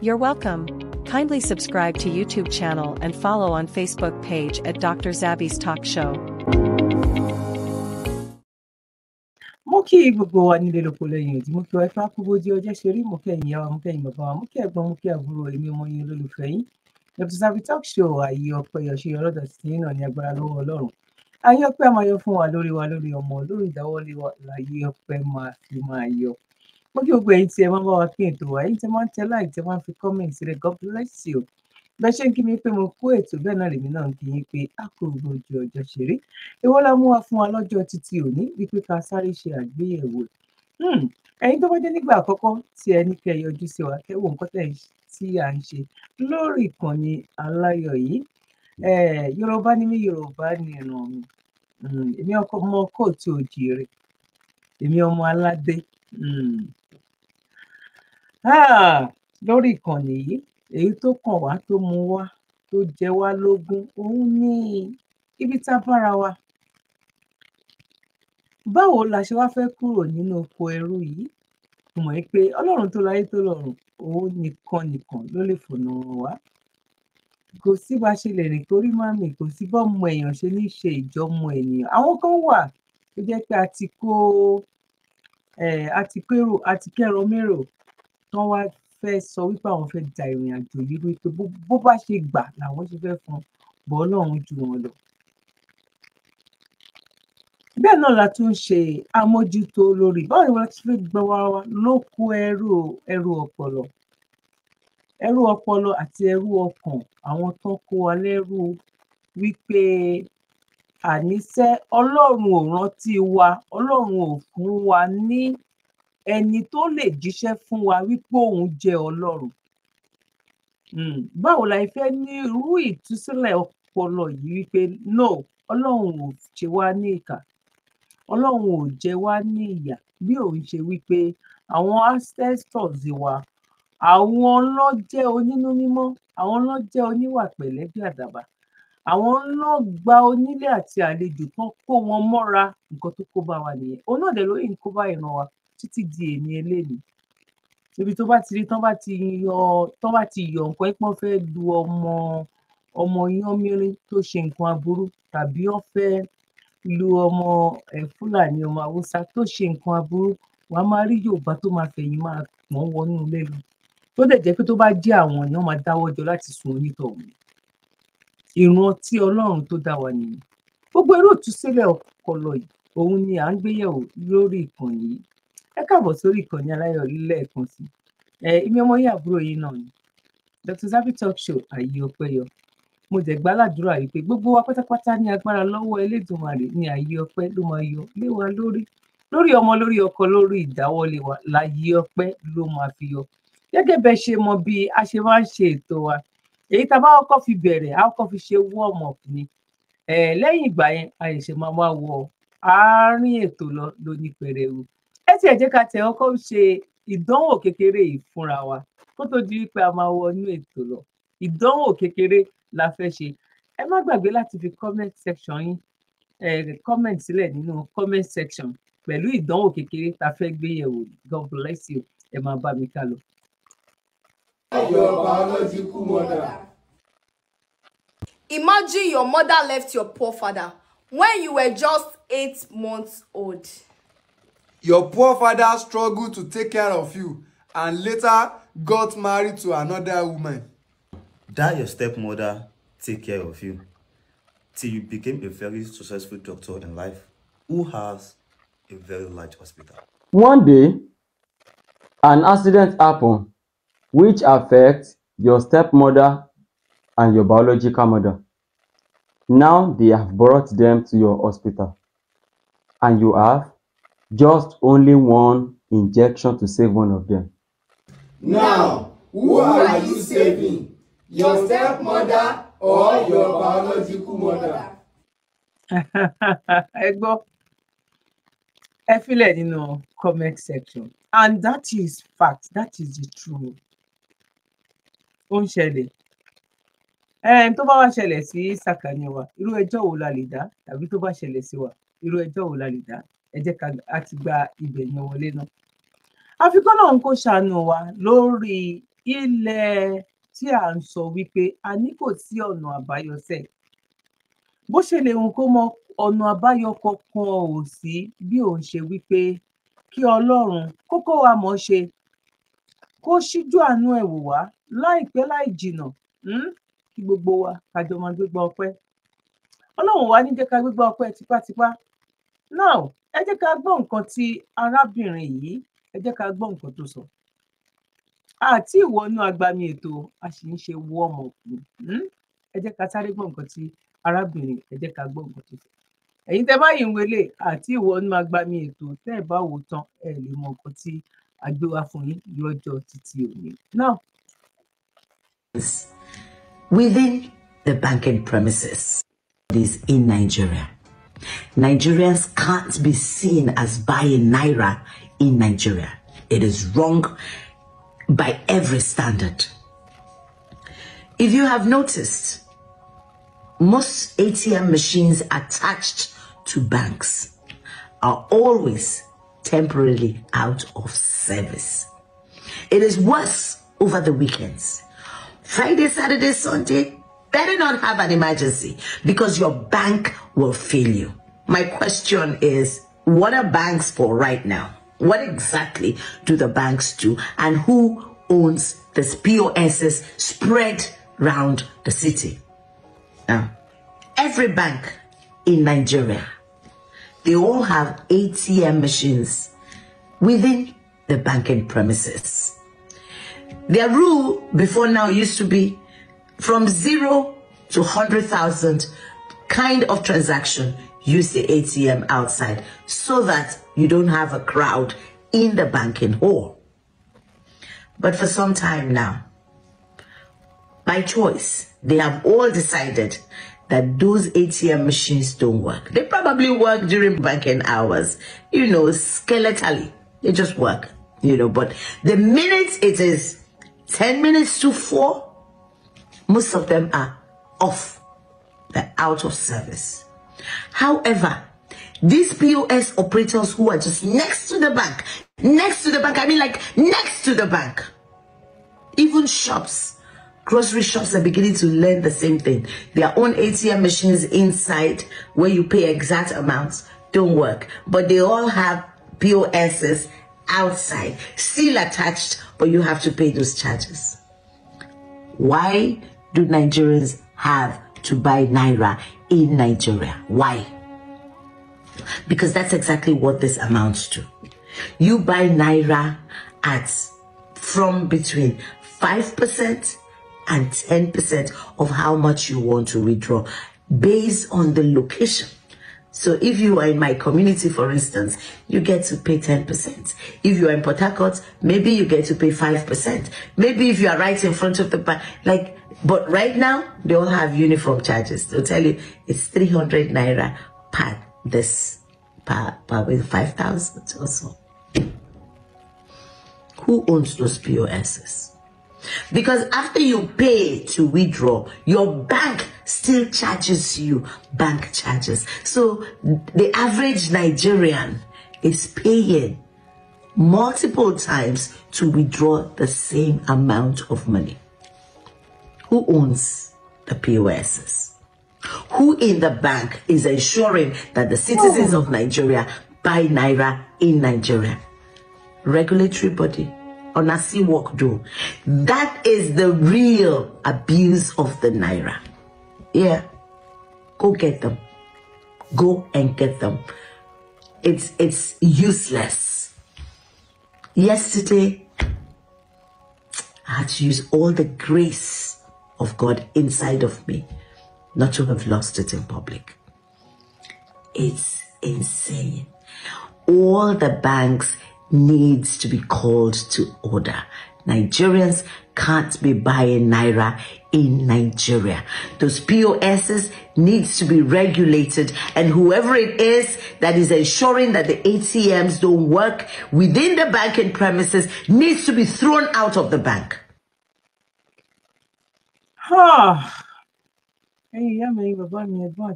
You're welcome. Kindly subscribe to YouTube channel and follow on Facebook page at Dr. Zabby's Talk Show. mo kí gbogbo wa nílé lóko lẹ́yìn òdì mo kí wa ifá kú bójú ọjọ́ ṣe rí mo kí ẹ̀yin ya mo kí ẹ̀yin bàbá wa mo kí ẹ̀gbọ́n mo kí àbúrò èmi ọmọ yín olólùfẹ́ yín Dr. Zabby Talk Show ààyè ọpẹ́ yọṣẹ ọlọdọ títí náà ní agbára lọ́wọ́ Ọlọ́run ààyè ọpẹ́ máa yọ fún wa lórí wa lórí ọmọ lórí ìdáwọ́lé wa láàyè ọpẹ́ máa fi máa yọ mo kí gbogbo ẹ̀yin tí ẹ máa ń bá wa kí ètò wa ẹ̀yin tí ẹ máa ń tẹ láì tí ẹ máa ń fi comment rẹ god bless you bẹ́ẹ̀ ṣe ń kí mi pé mo kú ètò bẹ́ẹ̀ náà lèmi náà ń kí yín pé a kò gbòòjì ọjọ́ ṣeré èwo la mú wa fún wa lọ́jọ́ títí òní wípé ká sáré ṣe àgbéyẹ̀wò hmm, ẹ̀yin tó bá jẹ́ nígbà àkọ́kọ́ tí ẹni kẹ́ yọjú sí wa kẹ́ wò nǹkan tí à ń ṣe lórí ìkànnì aláyọ̀ yìí yorùbá ni mí yorùbá ni ìran mi hmm, èmi ọmọ kóòtù òjì rẹ̀ èmi ọmọ aládé hmm. Ah, lórí ìkànnì yìí èyí tó kàn wá tó mú wá tó jẹ wá lógún òun ní ibi tá a bára wa báwo la ṣe wá fẹ́ kúrò nínú oko ẹrú yìí mọ̀ ẹ́ pé ọlọ́run tó láyé tó lọ́run òun nìkan nìkan ló lè fònà wá kò sí bá ṣe lè rìn torí má mi kò sí bá ọmọ èèyàn ṣe ní ṣe ìjọmọ ènìyàn àwọn kan wà tó jẹ́ pé a ti kó eh, a tán wá fẹ́ sọ wípé àwọn fẹ́ da ìrìn àjò yìí rú pé bó bá ṣe gbà làwọn ṣe fẹ́ fún bọ́ ọlọ́run jù wọn lọ. bẹ́ẹ̀ náà la tún ṣe àmójútó lórí báwo ni wọ́n ti fi gbọ́ wa ló kó ẹrù ẹrù ọpọlọ ẹrù ọpọlọ àti ẹrù ọkàn àwọn tó kó wa lẹ́rù wípé àníṣe ọlọ́run ò rántí wa ọlọ́run ò fún wa ní ẹni tó lè jíṣẹ́ fún wa wípé òun jẹ́ ọlọ́run hmm, báwo la fẹ́ ní irú ìtúsílẹ̀ ọpọlọ yìí wípé no ọlọ́run ò ṣe wá ní ìkà ọlọ́run ò jẹ wá ní ìyà bí òun ṣe wípé àwọn ancestors wa àwọn ló jẹ́ onínú mímọ́ àwọn ló jẹ́ oníwà pẹ̀lẹ́ bí àdàbà àwọn ló gba onílé àti àlejò tán kó wọn mọ́ra nǹkan tó kó bá wa nìyẹn òun náà dẹ̀ lóyìn kó bá ìran wa títí di èmi eléyìí ibi tó bá ti rí tán bá ti yọ tán bá ti yọ nǹkan ẹpọn fẹ́ lu ọmọ ọmọ yánmírín tó ṣe nǹkan aburú tàbí wọ́n fẹ́ lu ọmọ ẹ fúlàní ọmọ haúsá tó ṣe nǹkan aburú wàá máa rí yorùbá tó máa fẹ̀yìn máa pọn wọnú ilé lọ tó dẹ̀ jẹ́ pé tó bá jẹ́ àwọn èèyàn máa dáwọ́ jọ láti sun onítọ̀hún ìran tí ọlọ́run tó dá wa nìyí gbogbo eré òtúsílẹ̀ ọpọlọ yìí òun ni à ń gbéyẹ̀wò lórí ìkànnì yìí ẹ káàbọ̀ sórí ìkànnì aláyọ̀ lẹ́ẹ̀kan sí ẹ ìmí ọmọ yìí àbúrò yìí náà ni Dr. Zabby Talk Show ààyè ọpẹ́ yọ mo dẹ̀ gbá ládùúrà yìí pé gbogbo wa pátápátá ní agbára lọ́wọ́ Elédùmarè ní ààyè ọpẹ́ ló máa yọ lé wa lórí lórí ọmọ lórí ọkọ lórí ìdáwọ́lé wa láàyè ọpẹ́ ló máa fi yọ gẹ́gẹ́ bẹ́ẹ̀ ṣe mọ bí a ṣe máa ń ṣe ètò wa èyí tá a bá kọ́kọ́ fi bẹ̀rẹ̀ a kọ́kọ́ fi ṣe warm up ni lẹ́yìn ìgbà yẹn a máa wá wọ àárín ètò lọ lóní pẹrẹwu tiẹ̀ jẹ́ ká tẹ̀ ọkọ̀ ṣe ìdánwò kékeré yìí fúnra wa kó tó di wípé a máa wọnú ètò lọ ìdánwò kékeré la fẹ́ ṣe ẹ má gbàgbé láti fi comment section yín comment sílẹ̀ nínú comment section pẹ̀lú ìdánwò kékeré tá a fẹ́ gbé yẹ̀wò God bless you ẹ máa bá mi ká lọ. Imagine your mother left your poor father when you were just eight months old. Your poor father struggled to take care of you and later got married to another woman. That your stepmother take care of you till you became a very successful doctor in life who has a very large hospital. One day, an accident happened which affects your stepmother and your biological mother. Now they have brought them to your hospital and you have Just only one injection to save one of them. Now, who are you saving? Your stepmother or your biological mother? I feel it in the comment section and that is fact, that is the truth. Ó ń ṣẹlẹ̀. Ẹ̀ẹ́n tó bá wá ṣẹlẹ̀ sí Sàkàní wa, irú ẹjọ́ wo la lè dá? Tàbí tó bá ṣẹlẹ̀ sí wa, irú ẹjọ́ wo la lè dá? ẹ jẹ́ ká àti gba ibẹ̀ yẹn wọlé náà. àfikún náà ń kó ṣàánú wa lórí ilẹ̀ tí à ń sọ wípé a ní kò sí ọ̀nà àbáyọ bó ṣe lè hùn kó mọ ọ̀nà àbáyọ kankan ò sí bí òun ṣe wípé kí ọlọ́run kókó wa mọ̀ ṣe kó ṣíjú àánú ẹ̀ wò wá láìpẹ́ láì jìnà hmm? kí gbogbo wa kájọ máa gbégbá ọpẹ́ ọlọ́run wa ní jẹ́ ká gbégbá ọpẹ́ tipátipá now ẹ jẹ́ ká gbọ́ nǹkan tí arábìnrin yìí ẹ jẹ́ ká gbọ́ nǹkan tó sọ àti ìwọnú agbami ètò a sì ń ṣe wọ́ọ̀mù hmm? ẹ jẹ́ ká sáré gbọ́ nǹkan tí arábìnrin ẹ jẹ́ ká gbọ́ nǹkan tó sọ ẹ̀yin tẹ́ báyìí ń wele àti ìwọnú agbami ètò tẹ́ ẹ̀ bá wò tán ẹ lè mọ nǹkan tí a fún yín lọ́jọ́ títí òní náà. Within the banking premises, it is in Nigeria. Nigerians can't be seen as buying Naira in Nigeria. It is wrong by every standard. If you have noticed, most ATM machines attached to banks are always temporarily out of service. It is worse over the weekends. Friday, Saturday, Sunday, better not have an emergency because your bank will fail you. My question is, what are banks for right now? What exactly do the banks do? And who owns this POSs spread round the city? Now, every bank in Nigeria, they all have ATM machines within the banking premises. Their rule before now used to be from zero to 100,000 kind of transaction, use the ATM outside so that you don't have a crowd in the banking hall. But for some time now, by choice, they have all decided that those ATM machines don't work. They probably work during banking hours, you know, skeletally. They just work, you know, but the minute it is 10 minutes to 4, most of them are off. They're out of service. However, these POS operators who are just next to the bank, next to the bank, I mean like next to the bank, even shops, grocery shops are beginning to learn the same thing. Their own ATM machines inside where you pay exact amounts don't work, but they all have POSs outside, still attached, but you have to pay those charges. Why do Nigerians have to buy Naira in Nigeria? Why? Because that's exactly what this amounts to. You buy Naira at from between 5% and 10% of how much you want to withdraw based on the location so if you are in my community, for instance, you get to pay 10%. If you are in Port Harcourt, maybe you get to pay 5%. Maybe if you are right in front of the bank, like, but right now, they all have uniform charges. They'll tell you it's 300 Naira per this, per, per 5,000 or so. Who owns those POSs? Because after you pay to withdraw, your bank still charges you bank charges. So the average Nigerian is paying multiple times to withdraw the same amount of money. Who owns the POSs? Who in the bank is ensuring that the citizens of Nigeria buy Naira in Nigeria? Regulatory body. Onasi walk, do. That is the real abuse of the Naira. Yeah, go get them. Go and get them. It's, it's useless. Yesterday, I had to use all the grace of God inside of me not to have lost it in public. It's insane. All the banks needs to be called to order. Nigerians can't be buying Naira in Nigeria. Those POSs needs to be regulated and whoever it is that is ensuring that the ATMs don't work within the banking premises needs to be thrown out of the bank. Huh. ẹ̀yin ìyá mi bàbá mi ma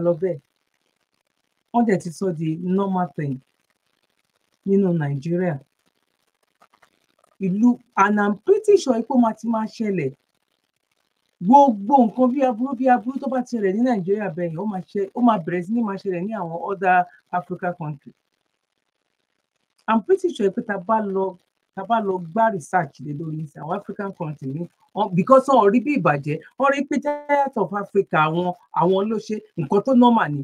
ma o wọ́n dẹ̀ ti sọ di normal thing nínú nàìjíríà ìlú and i'm pretty sure pé máa ti máa ṣẹlẹ̀ gbogbo nǹkan bí aburú bí aburú tó bá ti ṣẹlẹ̀ ní nàìjíríà bẹ́yìn ó máa ṣe ó máa bẹ̀rẹ̀ sí ní máa ṣẹlẹ̀ ní àwọn other africa country i'm pretty sure pé tá a bá lọ tá a bá lọ gbá research lé lórí ní àwọn african country ní because wọn ò rí bí ìbàjẹ́ wọn rí pé giant of africa àwọn àwọn ló ṣe nǹkan tó normal ni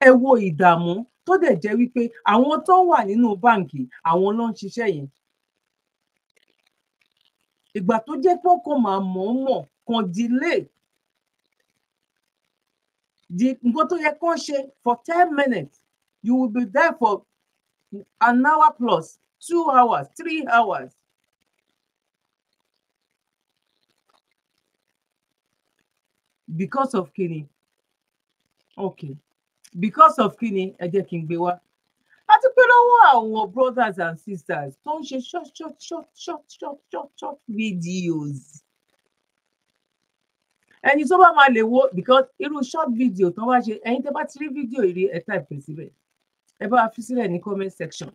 ẹ wo ìdààmú tó dẹ̀ jẹ́ wípé àwọn tó wà nínú báǹkì àwọn ló ń ṣiṣẹ́ yẹn ìgbà tó jẹ́ pé kò máa mọ̀ọ́mọ̀ kan delay di nǹkan tó yẹ kán ṣe for ten minutes you will be there for an hour plus two hours three hours. because of kini okay because of Kini, ni ẹ jẹ́ kí n gbé wá àti pé lọ́wọ́ àwọn brothers and sisters tó ń ṣe short short short short short short short videos ẹni tó bá máa lè wo because irú short video tó bá ṣe ẹ̀yin tẹ́ bá ti rí fídíò ìrí ẹ type ẹ síbẹ̀ ẹ bá fi sílẹ̀ ní comment section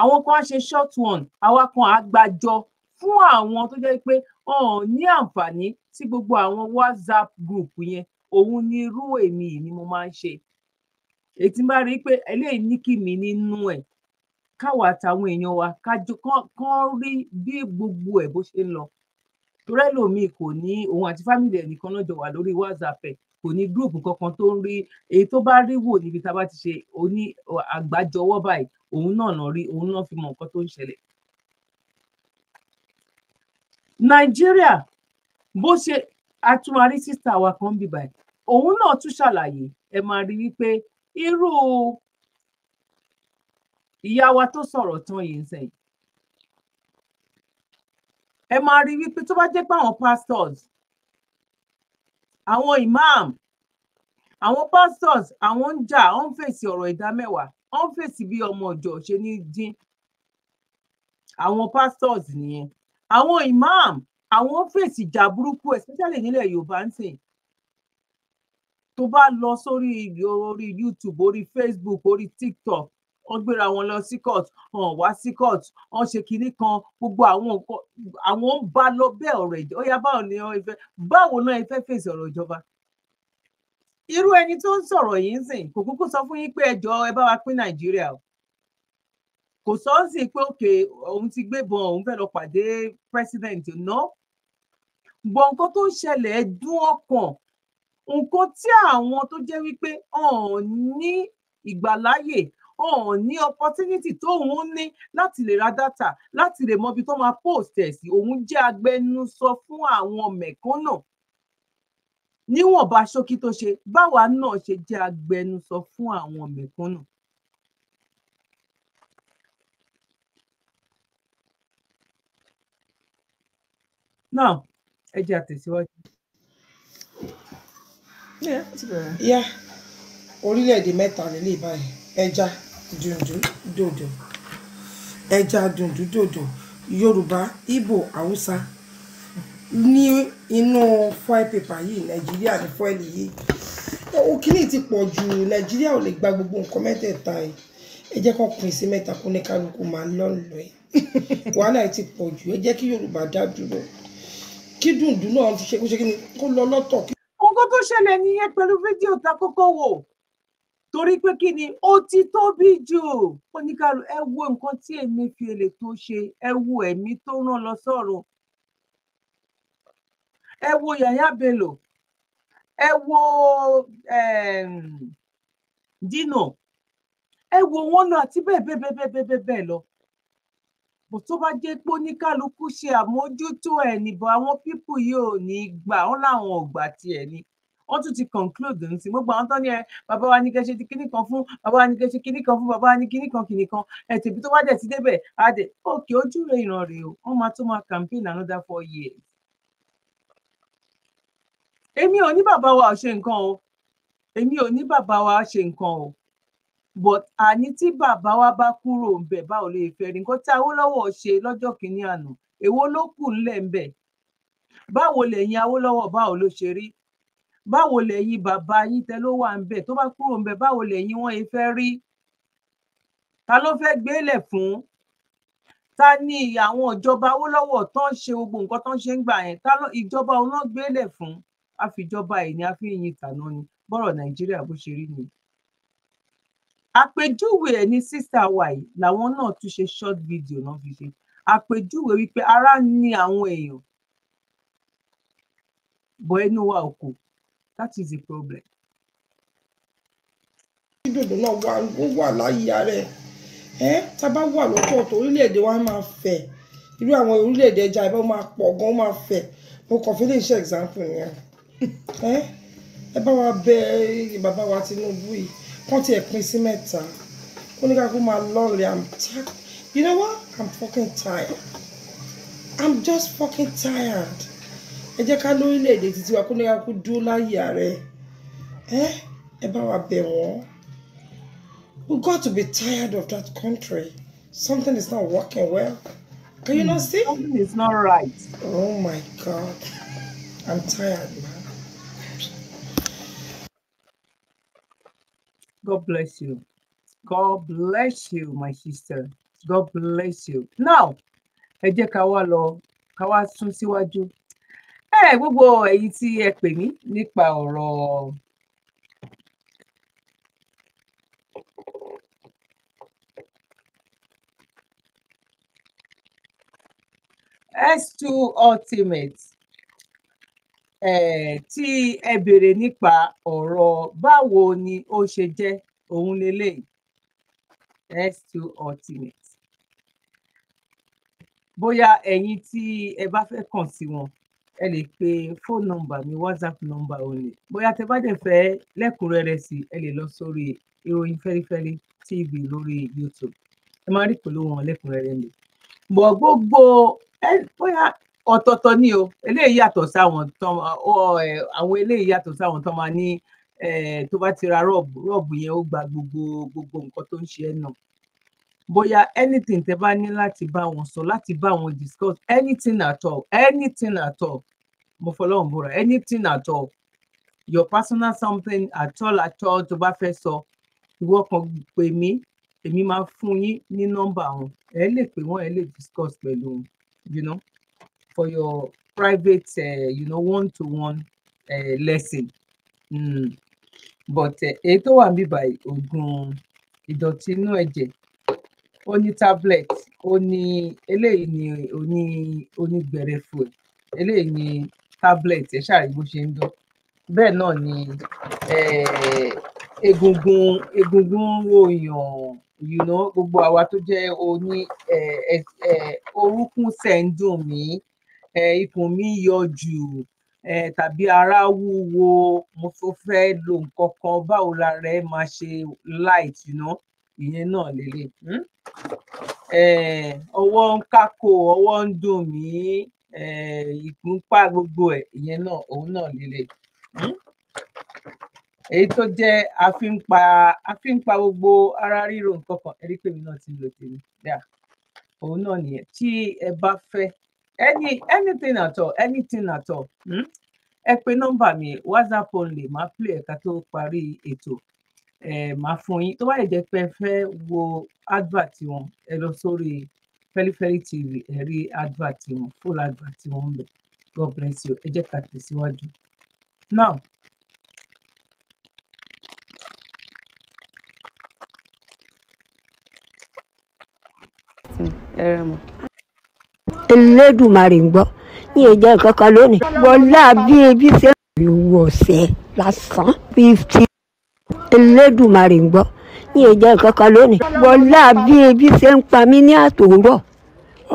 àwọn kan á ṣe short one àwa kan á gbàjọ fún àwọn tó jẹ́ pé ọ̀n ní àǹfààní sí gbogbo àwọn WhatsApp group yẹn òun ni irú èmi yìí ni mo máa ń ṣe ètí bá rí i pé eléyìí ní kí mi nínú ẹ káwa àtàwọn èèyàn wa kájọ kán rí bí gbogbo ẹ bó ṣe ń lọ torí ẹlòmíì kò ní òun àti fámìlì ẹ nìkan lọ́jọ́ wà lórí whatsapp ẹ kò ní gúrùpù kankan tó ń rí èyí tó bá rí wò níbi tá a bá ti ṣe oní àgbájọwọ́ báyìí òun náà náà rí òun náà fi mọ nǹkan tó ń ṣẹlẹ̀. nàìjíríà bó ṣe àtúwárí sísá wa kan bíbáyìí òun náà tún ṣàlàyé ẹ máa rí wípé irú ìyá wa tó sọ̀rọ̀ tán yìí ń sẹ́yìn ẹ máa rí wípé tó bá jẹ́ pé àwọn pastors àwọn imam àwọn pastors àwọn ń jà wọ́n ń fèsì ọ̀rọ̀ ìdámẹ́wàá wọ́n ń fèsì bí ọmọ ọ̀jọ̀ ṣe ní dín àwọn pastors nìyẹn àwọn imam àwọn ń fèsì ìjà burúkú especially nílẹ̀ Yorùbá ń sìn tó bá lọ sórí orí youtube orí facebook orí tiktok wọ́n gbéra wọn lọ sí court hàn wá sí court wọ́n ṣe kinní kan gbogbo àwọn nǹkan àwọn ń bá lọ bẹ́ẹ̀ ọ̀rọ̀ ìjọba ó yá báwo ni ẹ fẹ́ báwo náà ẹ fẹ́ fèsì ọ̀rọ̀ ìjọba irú ẹni tó ń sọ̀rọ̀ yìí ń sìn kò kúkú sọ fún yín pé ẹjọ́ ẹ bá wa pín nàìjíríà o kò sọ ń sìn pé òkè òun ti gbébọn òun fẹ́ lọ pàdé president náà gbọ̀ǹkan tó ń ṣẹlẹ̀ ẹ̀dùn ọkàn nǹkan tí àwọn tó jẹ́ wípé ọ̀n ní ìgbàláyè ọ̀n ní opportunity tó òun ní láti lè ra data láti lè mọbi tó máa post ẹ̀ sí òun jẹ́ agbẹnusọ fún àwọn mẹ̀kánná níwọ̀nba ṣókí tó ṣe báwa náà ṣe jẹ́ agbẹnusọ fún àwọn mẹ̀kánná. Now, ẹ jẹ́ àtẹ̀síwájú yá orílẹ̀-èdè mẹ́ta rẹ̀ lè báyìí ẹja dùndún dòdò ẹja dùndún dòdò yorùbá ìgbò haúsá ní inú foil paper yìí nàìjíríà ní foil yìí òkìní ti pọ̀ jù nàìjíríà ò lè gba gbogbo nǹkan mẹ́tẹ̀ẹ̀ta ẹ̀ ẹ jẹ́ kó pín sí mẹ́ta kó ní kálukú máa lọ́nlọ́ ẹ̀ wàhálà ẹ̀ ti pọ̀ jù ẹ jẹ́ kí yorùbá dá dúró kí dùndún náà ṣe kó ṣe kí ni kó lọ lọ́tọ̀ kí ṣẹlẹ̀ nìyẹn pẹ̀lú fídíò tá a kọ́kọ́ wò torí pé kí ni ó ti tóbi jù oníkàlù ẹ wo nǹkan tí Emefiele tó ṣe ẹ wo ẹ̀mí tó rán lọ sọ́run ẹ wo Yahaya Bello ẹ wo ehm, Dino ẹ wo wọn náà àti bẹ́ẹ̀ bẹ́ẹ̀ bẹ́ẹ̀ bẹ́ẹ̀ lọ kò tó bá jẹ́ pé oníkálukú ṣe àmójútó ẹ̀ nìbọn àwọn pípù yìí ò ní gbà wọn làwọn ò gbà tiẹ̀ ni wọ́n tún ti conclude ní ti gbogbo àwọn tó ní ẹ bàbá wa ní kẹ́ ṣe kíní kan fún bàbá wa ní kẹ́ ṣe kíní kan fún bàbá wa ní kíní kan kíní kan ẹ tèbi tó wá dẹ̀ ti débẹ̀ á dẹ̀ òkè ojú rẹ̀ ìran rèé o wọ́n máa tó máa campaign another four years. èmi ò ní bàbá wa ò ṣe nǹkan o èmi ò ní bàbá wa ṣe nǹkan o but àní tí bàbá wa bá kúrò ńbẹ báwo lè fẹ́ rí nǹkan tí Awólọ́wọ̀ ṣe lọ́jọ́ kìíní àná èwo ló kù ńlẹ̀ ńbẹ báwo lẹ́yìn Awólọ́wọ̀ báwo ló ṣe rí báwo lẹ̀yin bàbá yín tẹ ló wà ńbẹ̀ tó bá kúrò ńbẹ̀ báwo lẹ̀yin wọn yẹn fẹ́ rí ta ló fẹ́ gbélẹ̀ fún ta ni àwọn ìjọba Awólọ́wọ̀ tó ń ṣe gbogbo nǹkan tó ń ṣe ń gbà yẹn ta ló ìjọba òun náà fún àfìjọba ẹ̀ ní àfihàn tàná ni bọ́rọ̀ Nàìjíríà bó ṣe rí ni àpèjúwe ẹ̀ ní sísá wa yìí làwọn náà tún ṣe short video náà fi ṣe àpèjúwe wípé ara ni àwọn èèyàn bọ ẹnu wa ò kò That is the problem. dídòdò náà wà ó wà láyé ààrẹ ẹ tá a bá wà lọ́tọ̀ọ̀tọ̀ orílẹ̀-èdè wa máa fẹ̀ irú àwọn orílẹ̀-èdè ẹja ìbá máa pọ̀ gan máa fẹ̀ mo kàn fi lè ṣe example yẹn ẹ ẹ bá wa bẹ bàbá wa Tinubu yìí kán tiẹ̀ pín sí mẹ́ta ó ní ká kó máa lọ́ọ̀rẹ́ i'm you know what i'm fucking tired i'm just fucking tired. ẹ lórílẹ̀‐èdè títí wa kó ní ká kú ẹ bá wa bẹ̀ wọ́n we got to be tired of that country something is not working well can you not hmm. see. something is not right. oh my god i'm tired man. god bless you god bless you my sister god bless you now ẹ ká wá lọ ká wá ẹ gbogbo èyí tí ẹ pè mí nípa ọ̀rọ̀ S2 Ultimate eh, tí ẹ béèrè nípa ọ̀rọ̀ báwo ni ó ṣe jẹ́ òun lélẹ́yìí S2 Ultimate bóyá ẹ̀yin tí ẹ bá fẹ́ kàn sí wọn ẹ lè pe phone number mi whatsapp number òní bóyá tẹ bá dẹ̀ fẹ́ lẹ́kùnrẹ́rẹ́ sí ẹ lè lọ sórí ìròyìn fẹ́rífẹ́rí tv lórí youtube ẹ máa rí pẹ̀lú wọn lẹ́kùnrẹ́rẹ́ mi bọ̀ gbogbo ẹ bóyá ọ̀tọ̀ọ̀tọ̀ ni o eléyìí yàtọ̀ sáwọn tán àwọn eléyìí yàtọ̀ sáwọn tán máa ní tó bá ti ra rọ́ọ̀bù rọ́ọ̀bù yẹn ó gba gbogbo gbogbo nǹkan tó ń ṣe ẹ́ náà bóyá anything tẹ bá ní láti bá wọn sọ láti bá wọn discuss anything at all anything at all mo fọlọ́run anything at all your personal something at all at all tó bá fẹ́ sọ ìwọ kan pè mí èmi máa fún yín ní nọ́mbà wọn ẹ lè pè wọ́n ẹ lè discuss pẹ̀lú wọn you know for your private uh, you know one to one uh, lesson mm. but eh, èyí tó wà níbí báyìí oògùn ìdọ̀tí inú ẹ̀jẹ̀ ó ní tablet ó ní eléyìí ní oní onígbẹrẹfu ẹ eléyìí ní tablet ẹ ṣáà rí bó ṣe ń dán bẹ́ẹ̀ náà ni egungun egungun ròyàn yìnyín gbogbo àwa tó jẹ́ oní orúnkún ṣẹ̀ ń dùn mí ikùn mi yọ jù tàbí ara wúwo mo tó fẹ́ lo nǹkan kan báwo la rẹ máa ṣe light ìyẹn náà lélẹ̀ hmm? ọwọ́ ń kákò ọwọ́ ń dùn mí Eh, ìgúnpá gbogbo ẹ̀ ìyẹn náà òun náà líle hmm? èyí tó jẹ́ àfínpa àfínpa gbogbo ara ríro nǹkan kan ẹ rí pé mi náà ti lò tèmi dáa òun náà nìyẹn tí ẹ bá fẹ́ any anything at all anything at all hmm? ẹ pè nọ́mbà mi whatsapp only máa play ẹ̀ka tó parí ètò ẹ eh, máa fún yín tó bá lè jẹ́ pé ẹ fẹ́ wo advert wọn ẹ lọ sórí Fẹ́lífẹ́rí TV ẹ rí advert wọn full advert wọn bẹ̀ God bless you ẹ jẹ́ ká tẹ̀síwájú. now Elédùmarè ń gbọ́ ní ìjẹ́ nǹkan kan lónìí wọlé àbí ebi ṣe. owó ọ̀sẹ̀ lásán fifty Elédùmarè ń gbọ́ mi ò jẹ nǹkan kan lónìí. wọlá bí ebi ṣe ń pa mí ní àtòwúrọ̀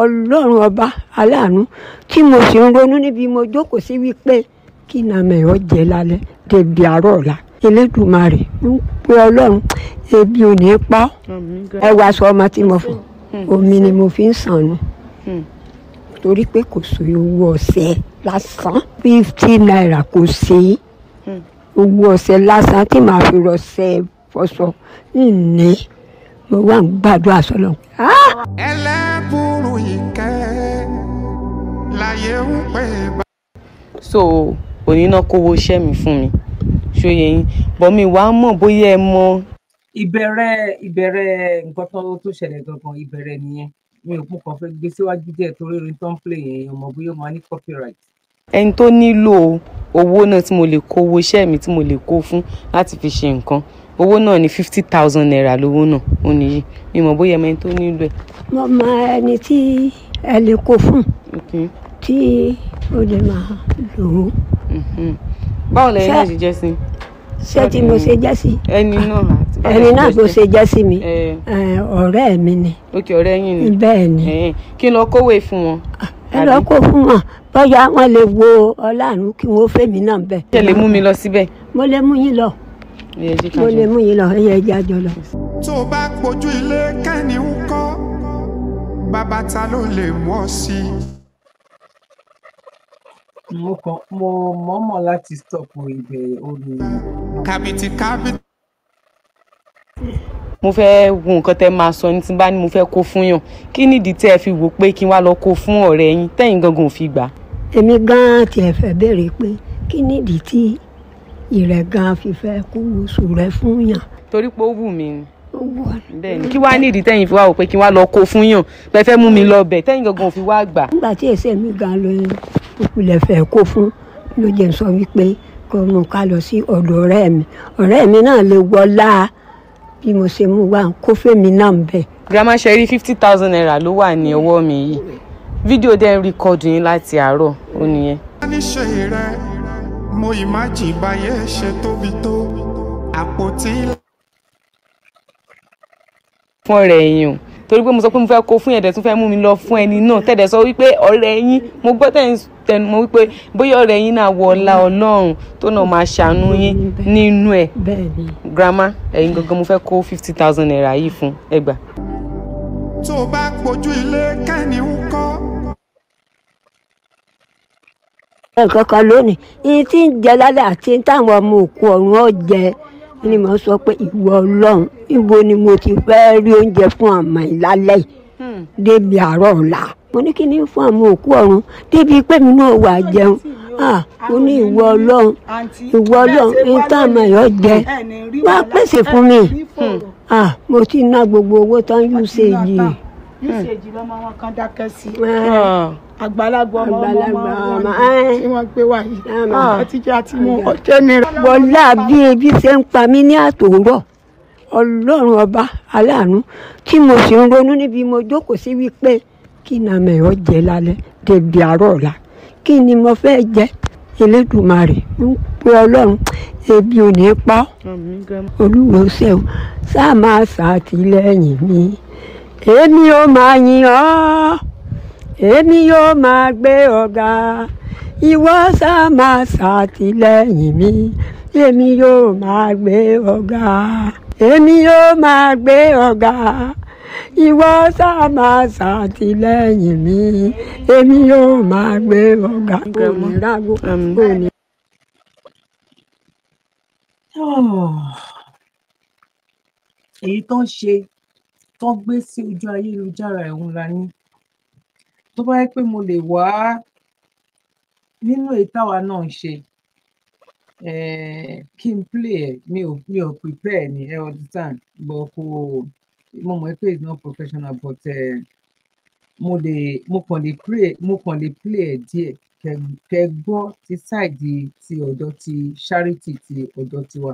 ọlọ́run ọba aláàánú tí mo sì ń ronú níbi mo jókòó sí wípé kí nàmẹ̀ ọ́ jẹ lálẹ́ débi àárọ̀ ọ̀la elédùnmarè ń pe ọlọ́run ebi ò ní pa ẹwà aṣọ ọmọ tí mo fọ hmm. omi ni mo fi ń sànù hmm. torí pé kò sí owó ọ̀sẹ̀ lásán fifty naira kò sí hmm. owó ọ̀sẹ̀ lásán tí màá fi rọ̀ sẹ́ẹ̀ fọṣọ ìní mo wà ń gbàdúrà sọlọ. Ah! ẹlẹ́kùnrin ìkẹ́ láyé ń pè bá. so oníná kówó iṣẹ́ mi fún mi ṣòye yín bọ́mi wàá mọ̀ bóyá ẹ mọ. ìbẹ̀rẹ̀ ìbẹ̀rẹ̀ nǹkan tó ṣẹlẹ̀ gangan ìbẹ̀rẹ̀ nìyẹn mi ò kún kàn fẹ́ gbé síwájú díẹ̀ torí orin tó ń pè yẹn ọmọ bóyá máa ní copyright. ẹni tó nílò owó náà tí mo lè kó owó iṣẹ́ mi tí mo lè kó fún láti fi ṣe nǹkan owó náà ni fifty thousand naira lówó náà ó nìyí mi mọ̀ bóyá ẹni tó nílò ẹ̀. mo mọ ẹni tí ẹ lè kó fún tí o lè máa lò ó. Mhm. báwo lẹ́yìn náà ṣe jẹ́ sí i ṣé tí mo ṣe jẹ́ sí. ẹni náà ẹni náà bó ṣe jẹ́ sí mi ọ̀rẹ́ mi ni. òkè ọ̀rẹ́ yín ni. bẹ́ẹ̀ ni. kí n lọ kówé fún wọn. Ah, ẹ lọ kó fún wọn bóyá wọn lè wo ọlọ́run kí wọn ó fèmí náà bẹ̀. ṣe lè mú mi lọ síbẹ̀. mo lè mú yín lọ mo lè mú yín lọ ẹyẹ ẹjẹ àjọ lọ. tó o bá pojú ilé kẹ́ni ń kọ́ bàbá ta ló lè mú ọ sí i. mo kàn mo mọ̀ọ́mọ̀ láti stop ibẹ̀ omi. kàbìtì kàbìtì. mo fẹ́ wo nǹkan tẹ́ máa sọ ní tí bá ní mo fẹ́ kó fún yàn kí nìdí tẹ́ ẹ fi wò pé kí n wá lọ kó fún ọ̀rẹ́ yín tẹ́yìn gangan ò fi gbà. èmi gan-an tiẹ̀ fẹ́ béèrè pé kí nìdí tí ìrẹ̀gàn fífẹ́ kó oṣù rẹ̀ fún yàn. torí pé ó wù mí ni bẹ́ẹ̀ni kí wàá nídìí tẹ̀yin fi wá wò pé kí wàá lọ kó fún yàn pé fẹ́ mú mi lọ bẹ̀ tẹ̀yin gangan ò fi wá gbà. nígbà tí èsè mi gan ló ń òpìlẹ̀ fẹ́ kó fún ló jẹ́ sọ wípé kò mú ká lọ sí ọ̀dọ̀ ọ̀rẹ́ mi ọ̀rẹ́ mi náà lè wọlá bí mo ṣe mú wá kó fèmí náà bẹ̀. grandma sherry fifty thousand naira ló wà ní ọwọ́ mi yìí fídíò dẹ́n rìkọ́dù yín láti àárọ̀ ó nìyẹn. a ní ṣe rẹ̀ mo ìmájì ìbáyé ṣe tóbi tó àpótí. fún ọ̀rẹ́ èèyàn torí pé mo sọ pé mo fẹ́ kó fún ẹ̀dẹ̀ tún fẹ́ mú mi lọ fún ẹni náà tẹ̀dẹ̀ sọ wípé ọ̀rẹ́ yín mo gbọ́ tẹ̀ ń tẹnu mọ́ wípé bóyá ọ̀rẹ́ yín náà wọ ọlá ọlọ́run tó náà máa ṣàánú yín nínú ẹ̀ grandma ẹ̀yin gangan mo fẹ́ kó fifty thousand naira yìí fún ẹgbàá. tó o bá pojú ilé kẹ́ni ń kọ́ nǹkan kan lónìí ní tí ń jẹ lálẹ́ àti táwọn ọmọ òkú ọ̀run ọ̀jẹ́ ni mo sọ pé ìwọ ọlọ́run ìwọ ni mo ti fẹ́ rí oúnjẹ fún àmọ́ ìlálẹ́ yìí hmm. débi àárọ̀ ọ̀la mo ní kí ni fún àmọ́ òkú ọ̀run débi pé mi náà wà jẹun ah, mo ní ìwọ ọlọ́run ìwọ ọlọ́run ní táwọn ẹ̀yọ́ jẹ wá pèsè fún mi hmm. ah, mo ti ná gbogbo owó tán yóò ṣe yìí. Hmm usage lọ́mọ wọn kan dákẹ́ sí ah. àgbàlagbà ọmọ ọmọ eh. ọmọ tí wọ́n gbé wá yìí ah, ah, àtijọ́ àti mú ọjọ́ nira. wọlé àbí ebi ṣe ń pa mí ní àtòwúrọ̀ ọlọ́run ọba aláàánú tí mo sì ń ronú níbi mo jókòó sí wípé kí ni àmì ọ̀ jẹ́ lálẹ́ dèbí àárọ̀ kí ni mo fẹ́ jẹ elédùnmarè ń pe ọlọ́run ebi ò ní pa olúwo ṣeun sáà máa ṣàtìlẹ́yìn mi èmi ó máa yìn ọ́ èmi yóò máa gbé ọ̀gá ìwọ sá máa ṣàtìlẹ́yìn mi èmi yóò máa gbé ọ̀gá èmi yóò máa gbé ọ̀gá ìwọ sá máa ṣàtìlẹ́yìn mi èmi yóò máa gbé ọ̀gá èyí tó ń ṣe tó ń gbé sí ojú ayélujára ọ̀hún la ní tó bá yẹ pé mo lè wá nínú èyí táwa náà ń ṣe eh, kí n play ẹ mi ò mi ò prepare ni ẹ understand but kò mo mọ̀ pé it's not professional but eh, mo lè mo kàn lè play mo kàn lè play ẹ díẹ̀ kẹ gbọ́ ti ṣáìdì ti ọ̀dọ̀ ti charity ti ọ̀dọ̀ tiwa.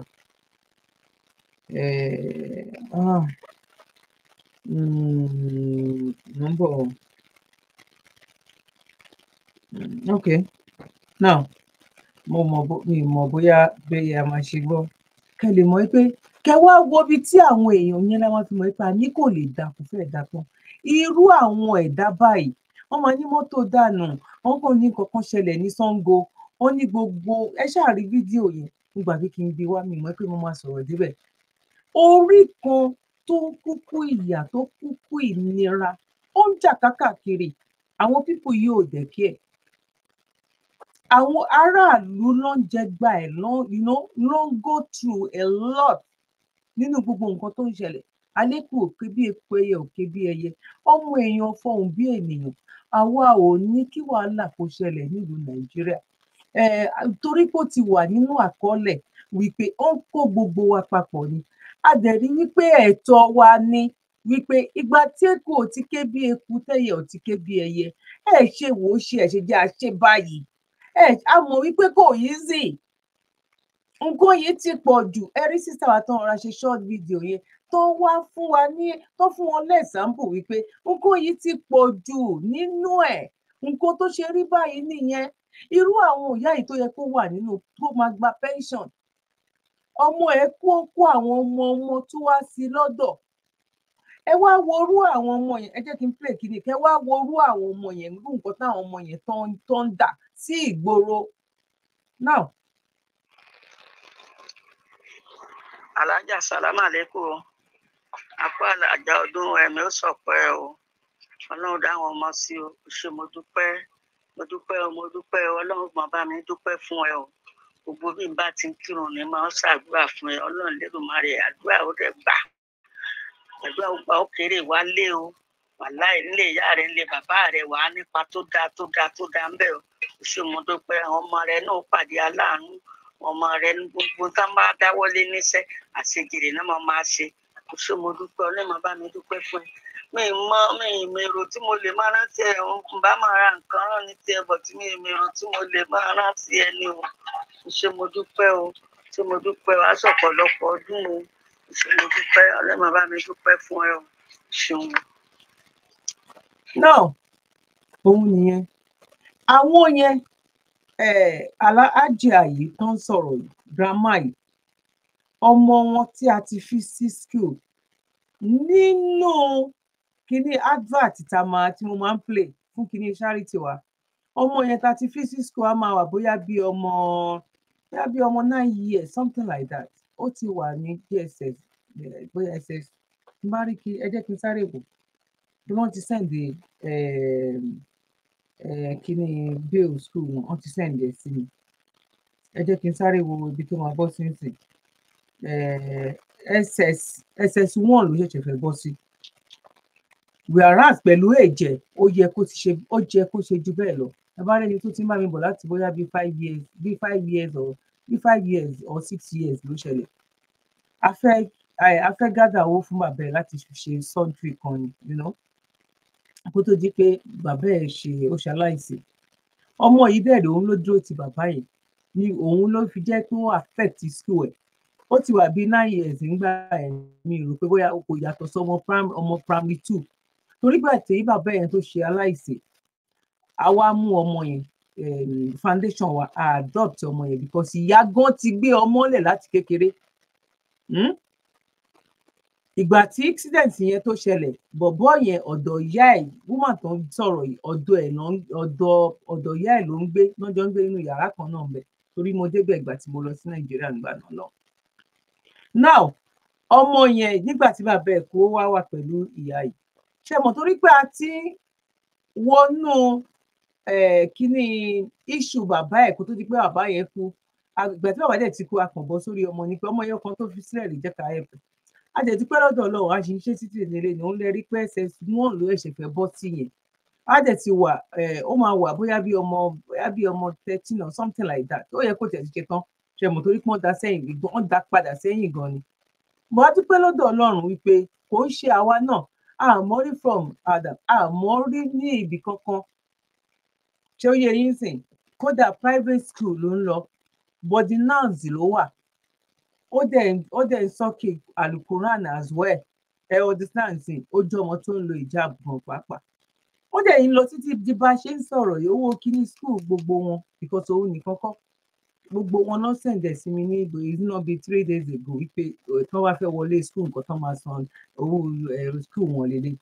Eh, Uh. Mm, non può. Mm, ok now mo mọ̀ mi mọ̀ bóyá bẹ́ẹ̀ a máa ṣe gbọ́ kẹ́ lè mọ̀ pé kẹ́ wá wo ibi tí àwọn èèyàn yẹn la máa fi mọ̀ pé a ní kò lè dà kò fẹ́ẹ̀ dà tán irú àwọn ẹ̀dá báyìí wọ́n máa ní mọ́tò dànù wọ́n kò ní kankan ṣẹlẹ̀ ní Sango ó ní gbogbo ẹ ṣáà rí fídíò yẹn mo gbà pé kí n gbé mi mọ̀ pé mo máa sọ̀rọ̀ débẹ̀ orí kan tó ń kúkú ìyà tó kúkú ìnira ó ń jà kákàkiri àwọn pípù yìí ò dẹ̀ kí ẹ̀ àwọn aráàlú ló ń jẹ gba ẹ̀ ló ń go through a lot nínú gbogbo nǹkan tó ń ṣẹlẹ̀ àlékún òkè bí epo ẹyẹ òkè bí ẹyẹ ọmọ èèyàn fọhùn bí ènìyàn àwa ò ní kí wàhálà kó ṣẹlẹ̀ nílùú nàìjíríà torí pé ó ti wà nínú àkọọ́lẹ̀ wípé ó ń kó gbogbo wa papọ̀ ni a dẹ̀ rí wípé ẹ̀tọ́ wa ni wípé ìgbà tí èkó ò ti ké bí eku tẹ̀yẹ ò ti ké bí ẹyẹ ẹ ṣe wò ó ṣe ẹ ṣe jẹ́ àṣẹ báyìí ẹ a mọ̀ wípé kò easy nǹkan yìí ti pọ̀ jù ẹ rí sísá wa tán ọ̀rá ṣe short video yẹn tó wá fún wa ní tó fún wọn lẹ́sàmpù wípé nǹkan yìí ti pọ̀ jù nínú ẹ̀ nǹkan tó ṣe rí báyìí nìyẹn irú àwọn ìyá yìí tó yẹ kó wà nínú tó máa gba pension ọmọ ẹ kú ó kó àwọn ọmọ ọmọ tó wá sí lọ́dọ̀ ẹ wá worú àwọn ọmọ yẹn ẹ jẹ́ kí n pè kíni kẹ wá worú àwọn ọmọ yẹn irú nǹkan táwọn ọmọ yẹn tó ń dà sí ìgboro now. alájà sálámà lẹ́kọ̀ọ́ apá alájà ọdún ẹ̀mí ó sọ̀pẹ́ o ọlọ́run dáhùn ọmọ sí o ṣe mo dúpẹ́ mo dúpẹ́ o mo dúpẹ́ o ọlọ́run mọ̀ bá mi dúpẹ́ fún ẹ o gbogbo bí n bá ti ń kírun ni máa ń ṣàdúrà fún ẹ ọlọ́run lérò máa rẹ̀ àdúrà ó rẹ̀ gbà àdúrà ó gbà ó kéré wá lé o wàhálà ilé ìyá rẹ ilé bàbá rẹ wà á nípa tó dáa tó dáa tó dáa ń bẹ̀ o ìṣòmọdópẹ́ ọmọ rẹ náà pàdé aláàánú ọmọ rẹ gbogbo tá máa dáwọ́lé níṣẹ́ àṣejèrè náà máa máa ṣe ìṣòmọdúpẹ́ ọlẹ́mọ̀ bá mi dúpẹ́ fún ẹ mi mọ mi ìmèrò tí mo lè máa rántí ẹ ń bá máa ra nǹkan rán ní tiẹ̀ bọ̀ tí mi ìmèrò tí mo lè máa rántí ẹ ní o ṣé mo dúpẹ́ o ṣé mo dúpẹ́ o aṣọ ọ̀pọ̀lọpọ̀ ọdún o ṣé mo dúpẹ́ ọlọ́mọ bá mi dúpẹ́ fún ẹ o ṣeun. náà òun nìyẹn àwọn yẹn aláàjì àyè tó ń sọ̀rọ̀ yìí grandma yìí ọmọ wọn tí a ti fi sí school nínú kíní advert tá a máa tí mo máa ń play fún kíní charity wa ọmọ yẹn tá a ti fi sí school a máa wà bóyá bíi ọmọ bóyá bí ọmọ nine years something like that ó ti wà ní dss eh, bóyá ss márìkì ẹ jẹ́ kí n sáré wò bí wọ́n ti send eh, eh, kíní bail school wọn wọ́n ti send ẹ̀ sí mi ẹ jẹ́ kí n sáré wo ibi tó máa bọ́ sí nsìn ss ss one ló ṣẹ̀ṣẹ̀ fẹ́ bọ́ sí whereas pẹ̀lú ẹ̀jẹ̀ ó yẹ kó ti ṣe ó yẹ kó ṣe ju bẹ́ẹ̀ lọ ẹ bá rẹ́ni tó ti ń bá mi bọ̀ láti bóyá bíi five years bíi five years or bíi five years or six years ló ṣẹlẹ̀ a fẹ́ a fẹ́ gádà owó fún bàbá ẹ̀ láti ṣe surgery kan ni you know kó tó di pé bàbá ẹ̀ ṣe ó ṣaláìsí ọmọ yìí bẹ̀rẹ̀ òun ló dúró ti bàbá yìí ni òun ló fi jẹ́ kí wọ́n affect school ẹ̀ ó ti wà bíi nine years nígbà ẹ̀ mi rò pé bóyá kò yàtọ̀ sí ọmọ primary two torí gbà tí bàbá yẹn tó ṣe aláìsí a wá mú ọmọ yẹn foundation wa a adopt ọmọ yẹn because ìyá gan ti gbé ọmọ lẹ̀ láti kékeré hmm? ìgbà tí accident yẹn tó ṣẹlẹ̀ bọ̀bọ́ yẹn ọ̀dọ̀ ìyá ẹ̀ woman tó ń sọ̀rọ̀ yìí ọ̀dọ̀ ẹ̀ ọ̀dọ̀ ọ̀dọ̀ ìyá ẹ̀ ló ń gbé lọ́jọ́ ń gbé nínú yàrá kan náà bẹ̀ torí mo débẹ̀ ìgbà tí mo lọ sí nàìjíríà nígbà náà lọ. now ọmọ yẹn nígbà tí bàbá ẹ̀ kó wá wà pẹ̀lú ìyá yìí ṣe mọ̀ torí pé a ti wọnú Eh, kíní iṣu bàbá ẹ̀ kó tó di pé bàbá yẹn kú àgbẹ̀ tí bàbá dẹ̀ ti kú akànbọ̀ sórí ọmọ ni pé ọmọ yẹn kan tó fi sílẹ̀ lè jẹ́ ká ẹ̀ àjẹ̀dúpẹ́ lọ́dọ̀ ọlọ́run a ṣì ń ṣe títí ìdílé ni òun lè rí pé ẹsẹ̀ wọn ló ẹ̀ṣẹ̀ fẹ́ bọ́ sí yẹn a dẹ̀ ti wà eh, ó máa wà bóyá bí ọmọ bóyá bí ọmọ thirteen or something like that ó yẹ kó tẹ̀ ti ṣe tán ṣe mọ̀ torí pé wọ́n da sẹ́yìn gbígbọ́n wọ́n da padà sẹ́yìn gan ni mo á dúpẹ́ lọ́dọ̀ ọlọ́run wípé kò ń ṣe àwa náà àmọ́ rí from adam àmọ́ rí ní ibì kankan ṣé ó yẹ yín sìn kódà private school ló ń lọ body nouns ló wà ó dẹ̀ ó dẹ̀ ń sọ́kè alukoran as well ẹ understand sìn ó jọ ọmọ tó ń lo hijab gan pàápàá ó dẹ̀ ń lọ títí di bá a ṣe ń sọ̀rọ̀ yìí kíní school gbogbo wọn because òun nìkan kọ́ gbogbo wọn náà sẹ̀ǹdẹ̀ sí mi ní ìgbò yìí náà bíi three days ago wípé eh, tí wọ́n bá fẹ́ wọlé school nǹkan tó máa san owó eh, school wọn lélẹ̀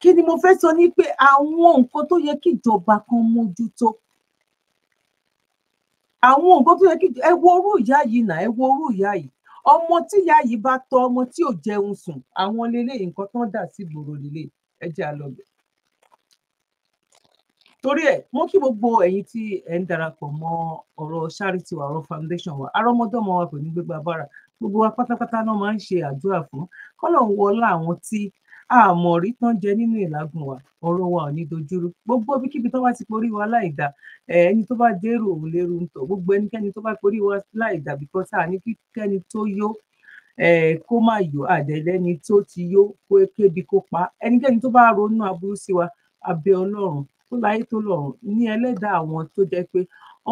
kí ni mo fẹ́ sọ ní pé àwọn nǹkan tó yẹ kí ìjọba kan mójútó àwọn nǹkan tó yẹ kí ẹ wo orú ìyá yìí náà ẹ wo orú ìyá yìí ọmọ tí ìyá yìí bá tọ́ ọmọ tí ò jẹun sùn àwọn leléyìí nǹkan tán dà sí gbòòrò lélẹ̀ ẹ jẹ́ àlọbẹ torí ẹ mo kí gbogbo ẹ̀yin tí ẹ ń darapọ̀ mọ́ ọ̀rọ̀ charity wa ọ̀rọ̀ foundation wa arọmọdọ́mọ wa kò ní gbégbá bára gbogbo wa pátápátá náà máa ń ṣe àdúrà fún kọlọhún wọlá àwọn tí àmọ̀rí tán jẹ nínú ìlágùn wa ọ̀rọ̀ wa ò ní dojúrú gbogbo ibikíbi tó bá ti porí wa láìda ẹni tó bá dérò òun lérò ń tọ̀ gbogbo ẹnikẹ́ni tó bá porí wa láìda because a ní kíkẹ́ni tó yó kó má yó àdẹ́lẹ́ni tó ti yó kó kébi kó pa ẹnikẹ́ni tó bá ronú aburú sí wa abẹ́ ọlọ́run tó láyé tó lọ́run ní ẹlẹ́dàá àwọn tó jẹ́ pé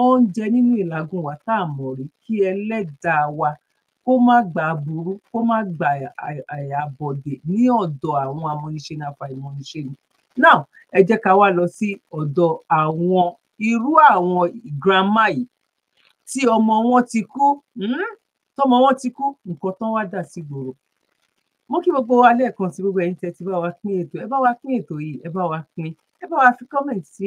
ó ń jẹ nínú ìlágùn wa tá a kí ẹlẹ́dàá wa kó má gba aburú kó má gba àyàbọ̀dè ní ọ̀dọ̀ àwọn amúniṣe ní afàìmọ̀niṣe ni now ẹ jẹ́ ká wá lọ sí ọ̀dọ̀ àwọn irú àwọn grandma yìí tí ọmọ wọn ti kú hmm? tọmọ wọn ti kú nǹkan tán wá dà sí gbòòrò mo kí gbogbo wa lẹ́ẹ̀kan sí gbogbo ẹ̀yin tẹ́ ti bá wa pín ètò ẹ bá wa pín ètò yìí ẹ bá wa pín ẹ bá wa fi kọ́mẹ̀ntì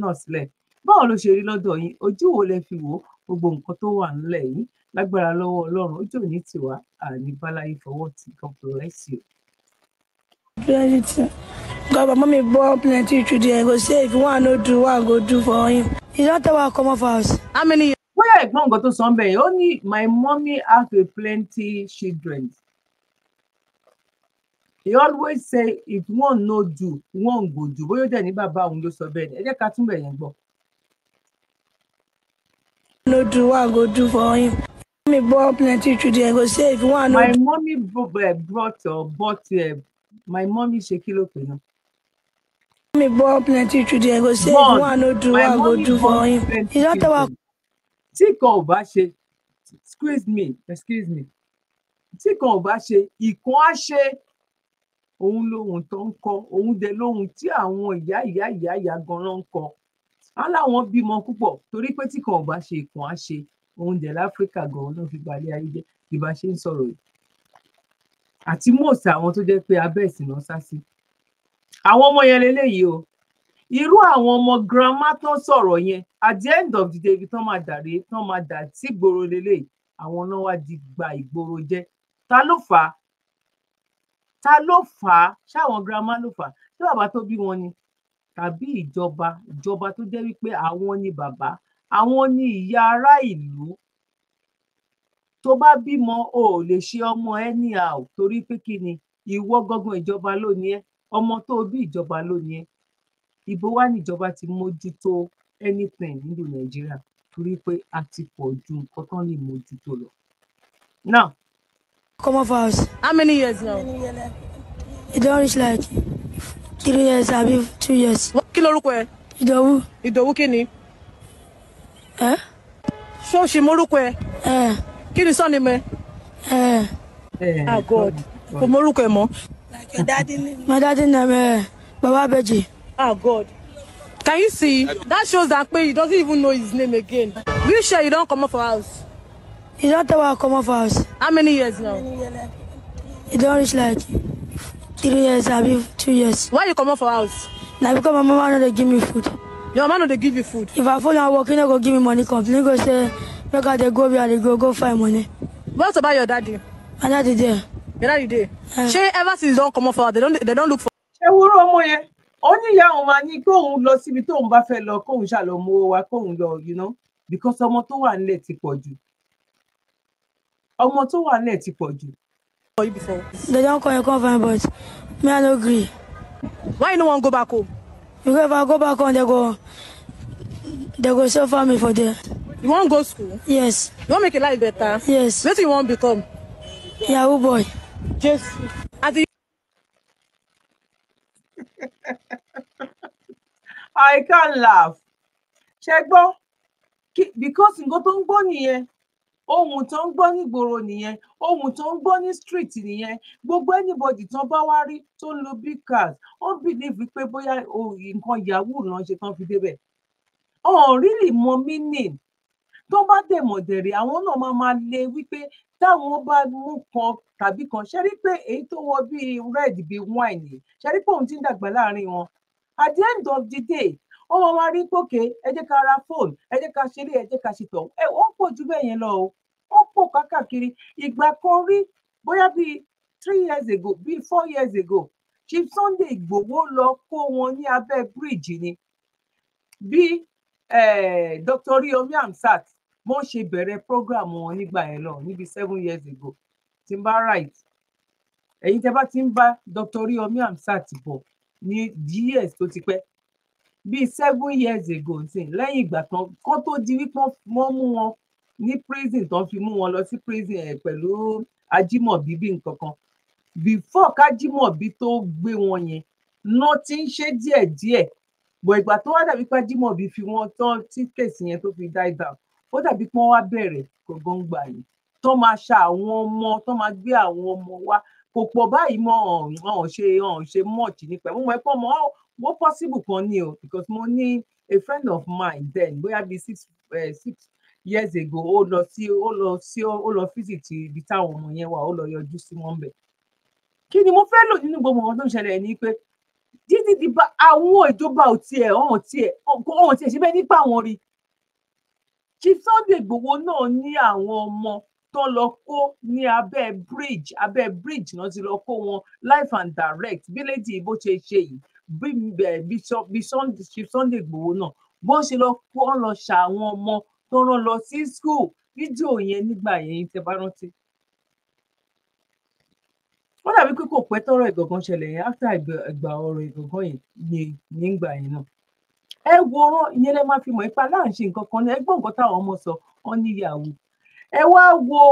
náà sílẹ̀ báwo ló ṣe rí lọ́dọ̀ yín ojú wo lẹ fi wò gbogbo nǹkan tó wà ńlẹ̀ yìí lágbára lọ́wọ́ ọlọ́run ojú òní tiwa àní báláyé fọwọ́ tí god bless you. God mama me born plenty children go say if one no do one go do for him. He don tell am comot for How many years? Bóyá ẹ̀gbọ́n nǹkan tó sọ ń bẹ̀ yìí, ó ní my mummy has a plenty children. He always say if one no do, one go do. Bóyá ó dẹ̀ ní bàbá òun ló sọ bẹ́ẹ̀ ni. Ẹ jẹ́ ká túnbẹ̀ yẹn gbọ́. No do one go do for him mommy bought plenty children. Go say if you want. My mommy eh, brought or bought. Uh, my mommy ṣe kí ló pè náà. Me bought plenty children. Go say if you want no do, I go do for him. Is that our? Tí kan ò bá ṣe, excuse me, excuse me. Tí kan ò bá ṣe, ìkan á ṣe òun lóhun tó ń kọ òun dẹ lóhun tí àwọn ìyá ìyá ìyá ìyá ganan ń kọ á láwọn bímọ púpọ̀ torí pé tí kan ò bá ṣe ìkan á ṣe oúnjẹ láfíríkà gan-an ló fi balẹ̀ ayé jẹ́ bí bá ṣe ń sọ̀rọ̀ yìí àti mọ̀ọ́sì àwọn tó jẹ́ pé abẹ́ ìsìn náà sá sí àwọn ọmọ yẹn leléyìí o irú àwọn ọmọ grandma tán sọ̀rọ̀ yẹn at the end of the day ibi tán máa dàrí tán máa dà tí ìgboro leléyìí àwọn náà wá di gba ìgboro jẹ ta ló fà á ta ló fà á ṣáwọn grandma ló fà á ṣé bàbá tó bí wọn ni tàbí ìjọba ìjọba tó jẹ́ wípé àwọn ni bàbá àwọn ni ìyá aráìlú tó bá bímọ o ò lè ṣe ọmọ ẹ ní a ò torí pé kí ni ìwọ gangan ìjọba ló ni ẹ ọmọ tó bí ìjọba ló ni ẹ ibo wá níjọba ti mójútó anything nílùú nàìjíríà torí pé a ti pọ̀ ju nǹkan tán lè mójútó lọ. now. come off house. how many years now. e don reach like three years abi two years. kí lorúkọ ẹ. ìdòwú. ìdòwú kí ni. ṣọ́ọ̀ṣì morúkọ ẹ kí ni sọ́ọ̀nì mẹ. Eh. Eh, ah god kò morúkọ ẹ mọ́. my daddy name eh baba beji. ah god can you see that shows that he doesn't even know his name again which sure you don comot for house. You don tell am comot for house. how many years now. It don reach like three years abi two years. why you comot for house. na because my mama no dey give me food. your man no dey give you food if i follow am work he no go give me money complain go say make i dey go where i dey go go find money what about your daddy my daddy there your daddy there ṣé ever since don comot for house they don look for. ṣé wúrò ọmọ yẹn ó ní ìyá òun máa ní kóun lọ síbi tóun bá fẹ́ lọ kóun ṣàlọ mú owó wa kóun lọ you know because ọmọ tó wà nílẹ̀ ti pọ̀ jù ọmọ tó wà nílẹ̀ ti pọ̀ jù. they don call you come find but me i no gree. why you no wan go back home. Because if I go back home, they go, they go suffer me for there. You want go school? Yes. You want make your life better? Yes. What do you want to become? Yahoo boy. Just. At the... I can't laugh. Check gbọ́? Because you tó ń gbọ́ nìyẹn ohun tó ń gbọ́ nígboro nìyẹn ohun tó ń gbọ́ ní street nìyẹn gbogbo anybody tán bá wá rí tó ń lo big cars ó ń bìlíìfì pé bóyá nǹkan yahoo náà ṣe tán fi débẹ̀ ọ̀hún rírì mọ meaning tó bá dẹ̀ mọ̀dẹ̀rẹ̀ àwọn náà máa máa le wípé táwọn bá mú kan tàbí kan ṣe rí pé èyí tó wọ bíi red bíi wine ṣe rí pé òun ti ń dàgbà láàrin wọn at the end of the day ó máa wá rí pòkè ẹ jẹ́ ká ra fóònù ẹ jẹ́ ká ṣeré ẹ jẹ́ ká ṣètò ẹ ó pọ̀ jù bẹ́ẹ̀ yẹn lọ o ó pọ̀ kákàkiri ìgbà kan rí bóyá bíi three years ago bíi four years ago Chief Sunday Igboho lọ kó wọn ní abẹ́ bíríìjì ni bí eh, Dr. Yomi Amsat mo ṣe bẹ̀rẹ̀ program wọn nígbà yẹn lọ níbi seven years ago tí n bá right ẹ̀yin tẹ́ bá ti ń bá Dr. Yomi Amsat bọ̀ ní years tó ti pẹ́ bíi seven years ago nsìn lẹ́yìn ìgbà kan kó tó di wípé wọ́n mú wọn ní prison tán fi mú wọn lọ sí prison ẹ̀ eh, pẹ̀lú ajímọ̀bí bí nǹkan kan before kájímọ̀bí tó gbé wọn yẹn ná ti ń ṣe díẹ̀díẹ̀ bọ̀ ìgbà tó wá dàbí kájímọ̀bí fi wọn tán tí kèsì yẹn tó fi die down ó dàbí pé wọ́n wá bẹ̀rẹ̀ gbọ̀ngàn gbà yìí tó máa ṣa àwọn ọmọ tó máa gbé àwọn ọmọ wá kò pọ̀ báyìí mọ́ ọ̀hún ṣe ọ̀hún ṣe mọ́ọ̀tì nípa ẹ̀ mo mọ̀ ẹ́ pọ́ mọ́ ọ́ wọ́n possible kan ni o because mo ní a friend of mine then bóyá bíi six uh, six years ago ó lọ sí ó lọ sí ó lọ visit ibi táwọn ọmọ yẹn wà ó lọ yọjú sí wọn bẹ̀ kí ni mo fẹ́ lò nínú gbogbo wọn tó ń ṣẹlẹ̀ ní pé dídí dìbà àwọn ìjọba ò tiẹ̀ ọ̀hún tiẹ̀ ọ̀hún tiẹ̀ ṣe bẹ́ẹ̀ nípa àwọn rí Chief Sunday Igboho náà ní àwọn ọmọ tó lọ kó ní abẹ́ bridge abẹ́ bridge náà ti lọ kó wọn life and direct bíléèdì bó ṣe ṣe yìí bí Sunday Igboho náà bó ṣe lọ kó lọ ṣà àwọn ọmọ tó rán lọ sí school fídíò yẹn nígbà yẹn tẹ́ bá rántí. wọ́n dàbí pé kò pẹ́ tọ́rọ̀ ìgangan ṣẹlẹ̀ yẹn after ìgbà ọ̀rọ̀ ìgangan yẹn nígbà yẹn náà. ẹ wòran ìyẹn lẹ máa fi mọ̀ ipa láǹṣe nǹkan kan ní ẹgbọ́n nǹkan táwọn ọmọ sọ wọn níyàwó. ẹ wá wo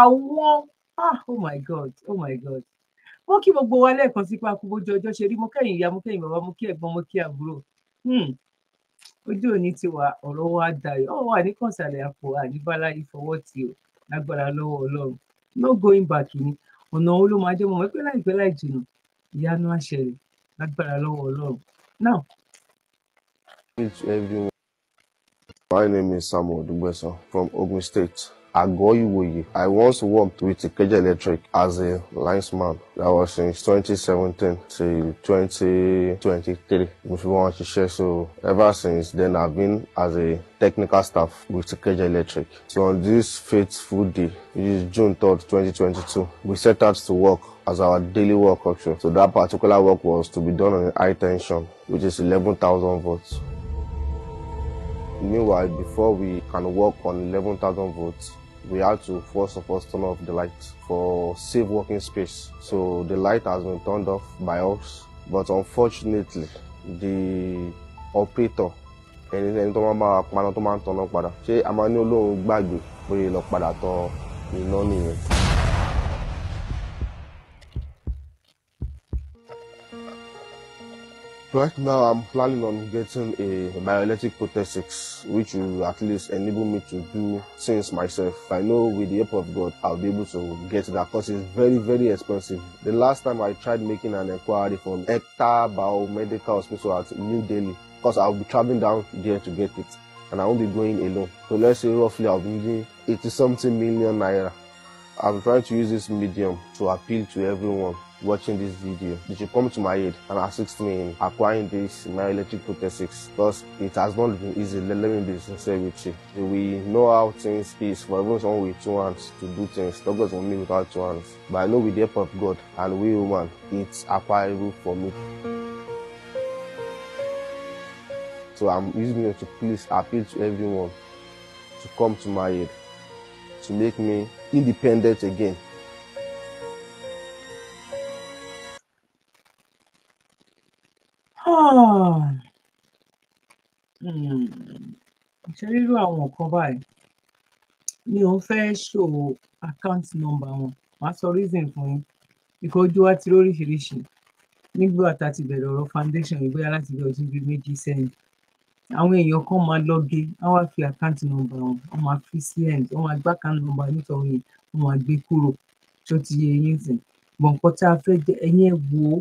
àwọn ah oh my god oh my god mo kí gbogbo wa lẹ́ẹ̀kan sí pa kúbojú ọjọ́ ṣe rí mo kẹ́yìn ìyá mo kẹ́yìn bàbá mo kí ẹ̀gbọ́n mo kí àbúrò hmm. ojú òní ti wà ọ̀rọ̀ wa dayọ̀ ọ̀ wà ní kọ̀sàlẹ̀ àpò àníbálá ìfọwọ́ ti o lágbára lọ́wọ́ ọlọ́run no going back ni ọ̀nà owó ló máa jẹ́ mọ̀ wípé láìpẹ́ láì jìnnà ìyanu àṣẹrẹ̀ lágbára lọ́wọ́ ọlọ́run now. My name is Samuel Dugbeson from Ogun State. Agoy Iwoye. I once worked with Ikeja Electric as a linesman. That was in 2017 to 2023. Mo fi wọ́n ṣiṣẹ́ so ever since then I've been as a technical staff with Ikeja Electric. So on this fateful day, which is June 3rd, 2022, we set out to work as our daily work option. So that particular work was to be done on high tension, which is 11,000 volts. Meanwhile, before we can work on 11,000 volts, we had to first of all turn off the light for safe working space. So the light has been turned off by us, but unfortunately, the operator ẹni ẹni tó máa máa paná tó máa ń tanná padà ṣé a máa ní olóhùn gbàgbé pé lọ padà tan iná nìyẹn. Right now, I'm planning on getting a bioelectric prosthetics, which will at least enable me to do things myself. I know with the help of God, I'll be able to get that because it's very, very expensive. The last time I tried making an inquiry from Hector Biomedical Hospital at New Delhi, because I'll be traveling down there to get it, and I won't be going alone. So let's say roughly I'll be needing 80 something million naira. I'm trying to use this medium to appeal to everyone. watching this video, you should come to my aid and assist me in acquiring this my electric prosthetics because it has not been easy. Let, me be sincere with you. We know how things is for even someone with two hands to do things. Not God for me without two hands. But I know with the help of God and we human, it's acquirable for me. So I'm using you to please appeal to everyone to come to my aid, to make me independent again. Hmm. Hmm. ṣe rírú àwọn nǹkan báyìí mi ò fẹ́ ṣòwò account number wọn màá sọ reason fún yín ìfojú wa ti lóríṣiríṣi nígbà tá a ti bẹ̀rẹ̀ ọ̀rọ̀ foundation yìí láti bí ọdún bíi méjì sẹ́yìn àwọn èèyàn kan máa lọ́gẹ́ wọ́n wá fi àkáǹtì nọ́mbà wọn wọ́n máa fi sí end wọ́n máa gbá àkáǹtì nọ́mbà nítorí yẹn wọ́n máa gbé kúrò tó ti yé yín sìn gbọ̀ǹkan tá a fẹ́ jẹ ẹ̀yìn ẹ̀ wò ó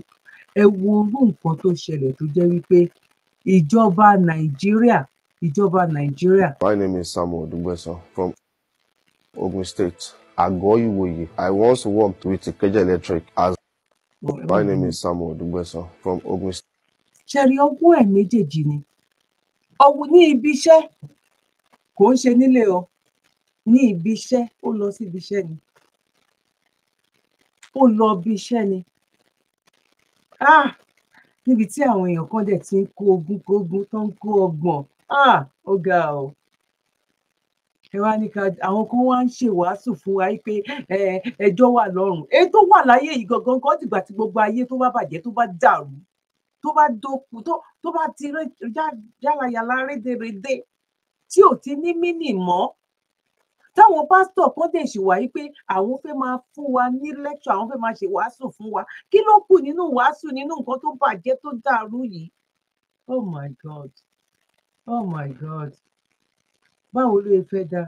ẹ wo irú nǹkan tó ṣẹlẹ̀ tó jẹ́ wípé ìjọba nàìjíríà ìjọba nàìjíríà. My name is Samuel Dugbeson from Ogun State, Agoi Iwoye. I once worked with Ikeja Electric as. My name is Samuel Dugbeson from Ogun State. ṣẹ̀rí ọgbọ́n ẹ̀ méjèèjì ni ọ̀hún ní ibi iṣẹ́ kò ń ṣe nílé o ní ibi iṣẹ́ ó lọ sí ibi iṣẹ́ ni ó lọ ibi iṣẹ́ ni Ah, níbi tí àwọn èèyàn kan dẹ̀ ti ń kó ogún kógún tó ń kó ọgbọ̀n ah, ó ga o ẹ wá ní ká àwọn kan wá ń ṣèwàásù fún wa pé ẹjọ́ wà lọ́rùn èyí tó wà láyé yìí gangan kan dìgbà tí gbogbo ayé tó bá bàjẹ́ tó bá dàrú tó bá dókú tó bá ti yálayàlá rédèrèdè tí ò ti ní mínì mọ́ táwọn pásítọ̀ kan dẹ̀ ṣì wáyé pé àwọn fẹ́ máa fún wa ní lẹ́kṣọ̀ àwọn fẹ́ máa ṣe wàásù fún wa kí ló kù nínú wàásù nínú nǹkan tó bàjẹ́ tó dàrú yìí oh my god oh my god báwo ló yẹ fẹ́ dáa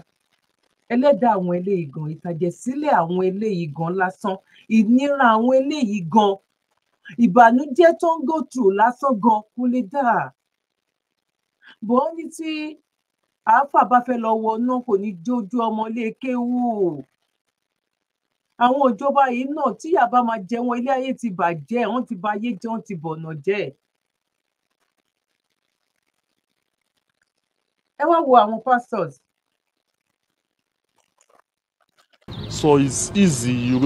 ẹlẹ́dàá àwọn eléyìí gan ìtàjẹ̀sílẹ̀ àwọn eléyìí gan lásán ìnira àwọn eléyìí gan ìbànújẹ́ tó ń go through lásán gan kò lè dáa bọ́ọ̀ ní tí àáfà bá fẹ́ lọ wọnú kò ní jójú ọmọ ilé kéwú àwọn ìjọba yìí náà tíyà bá máa jẹ wọn ilé ayé ti bàjẹ́ wọ́n ti ba ayé jẹ́ wọ́n ti bọ̀nà jẹ́ ẹ wá wo àwọn pastors. So it's easy, you,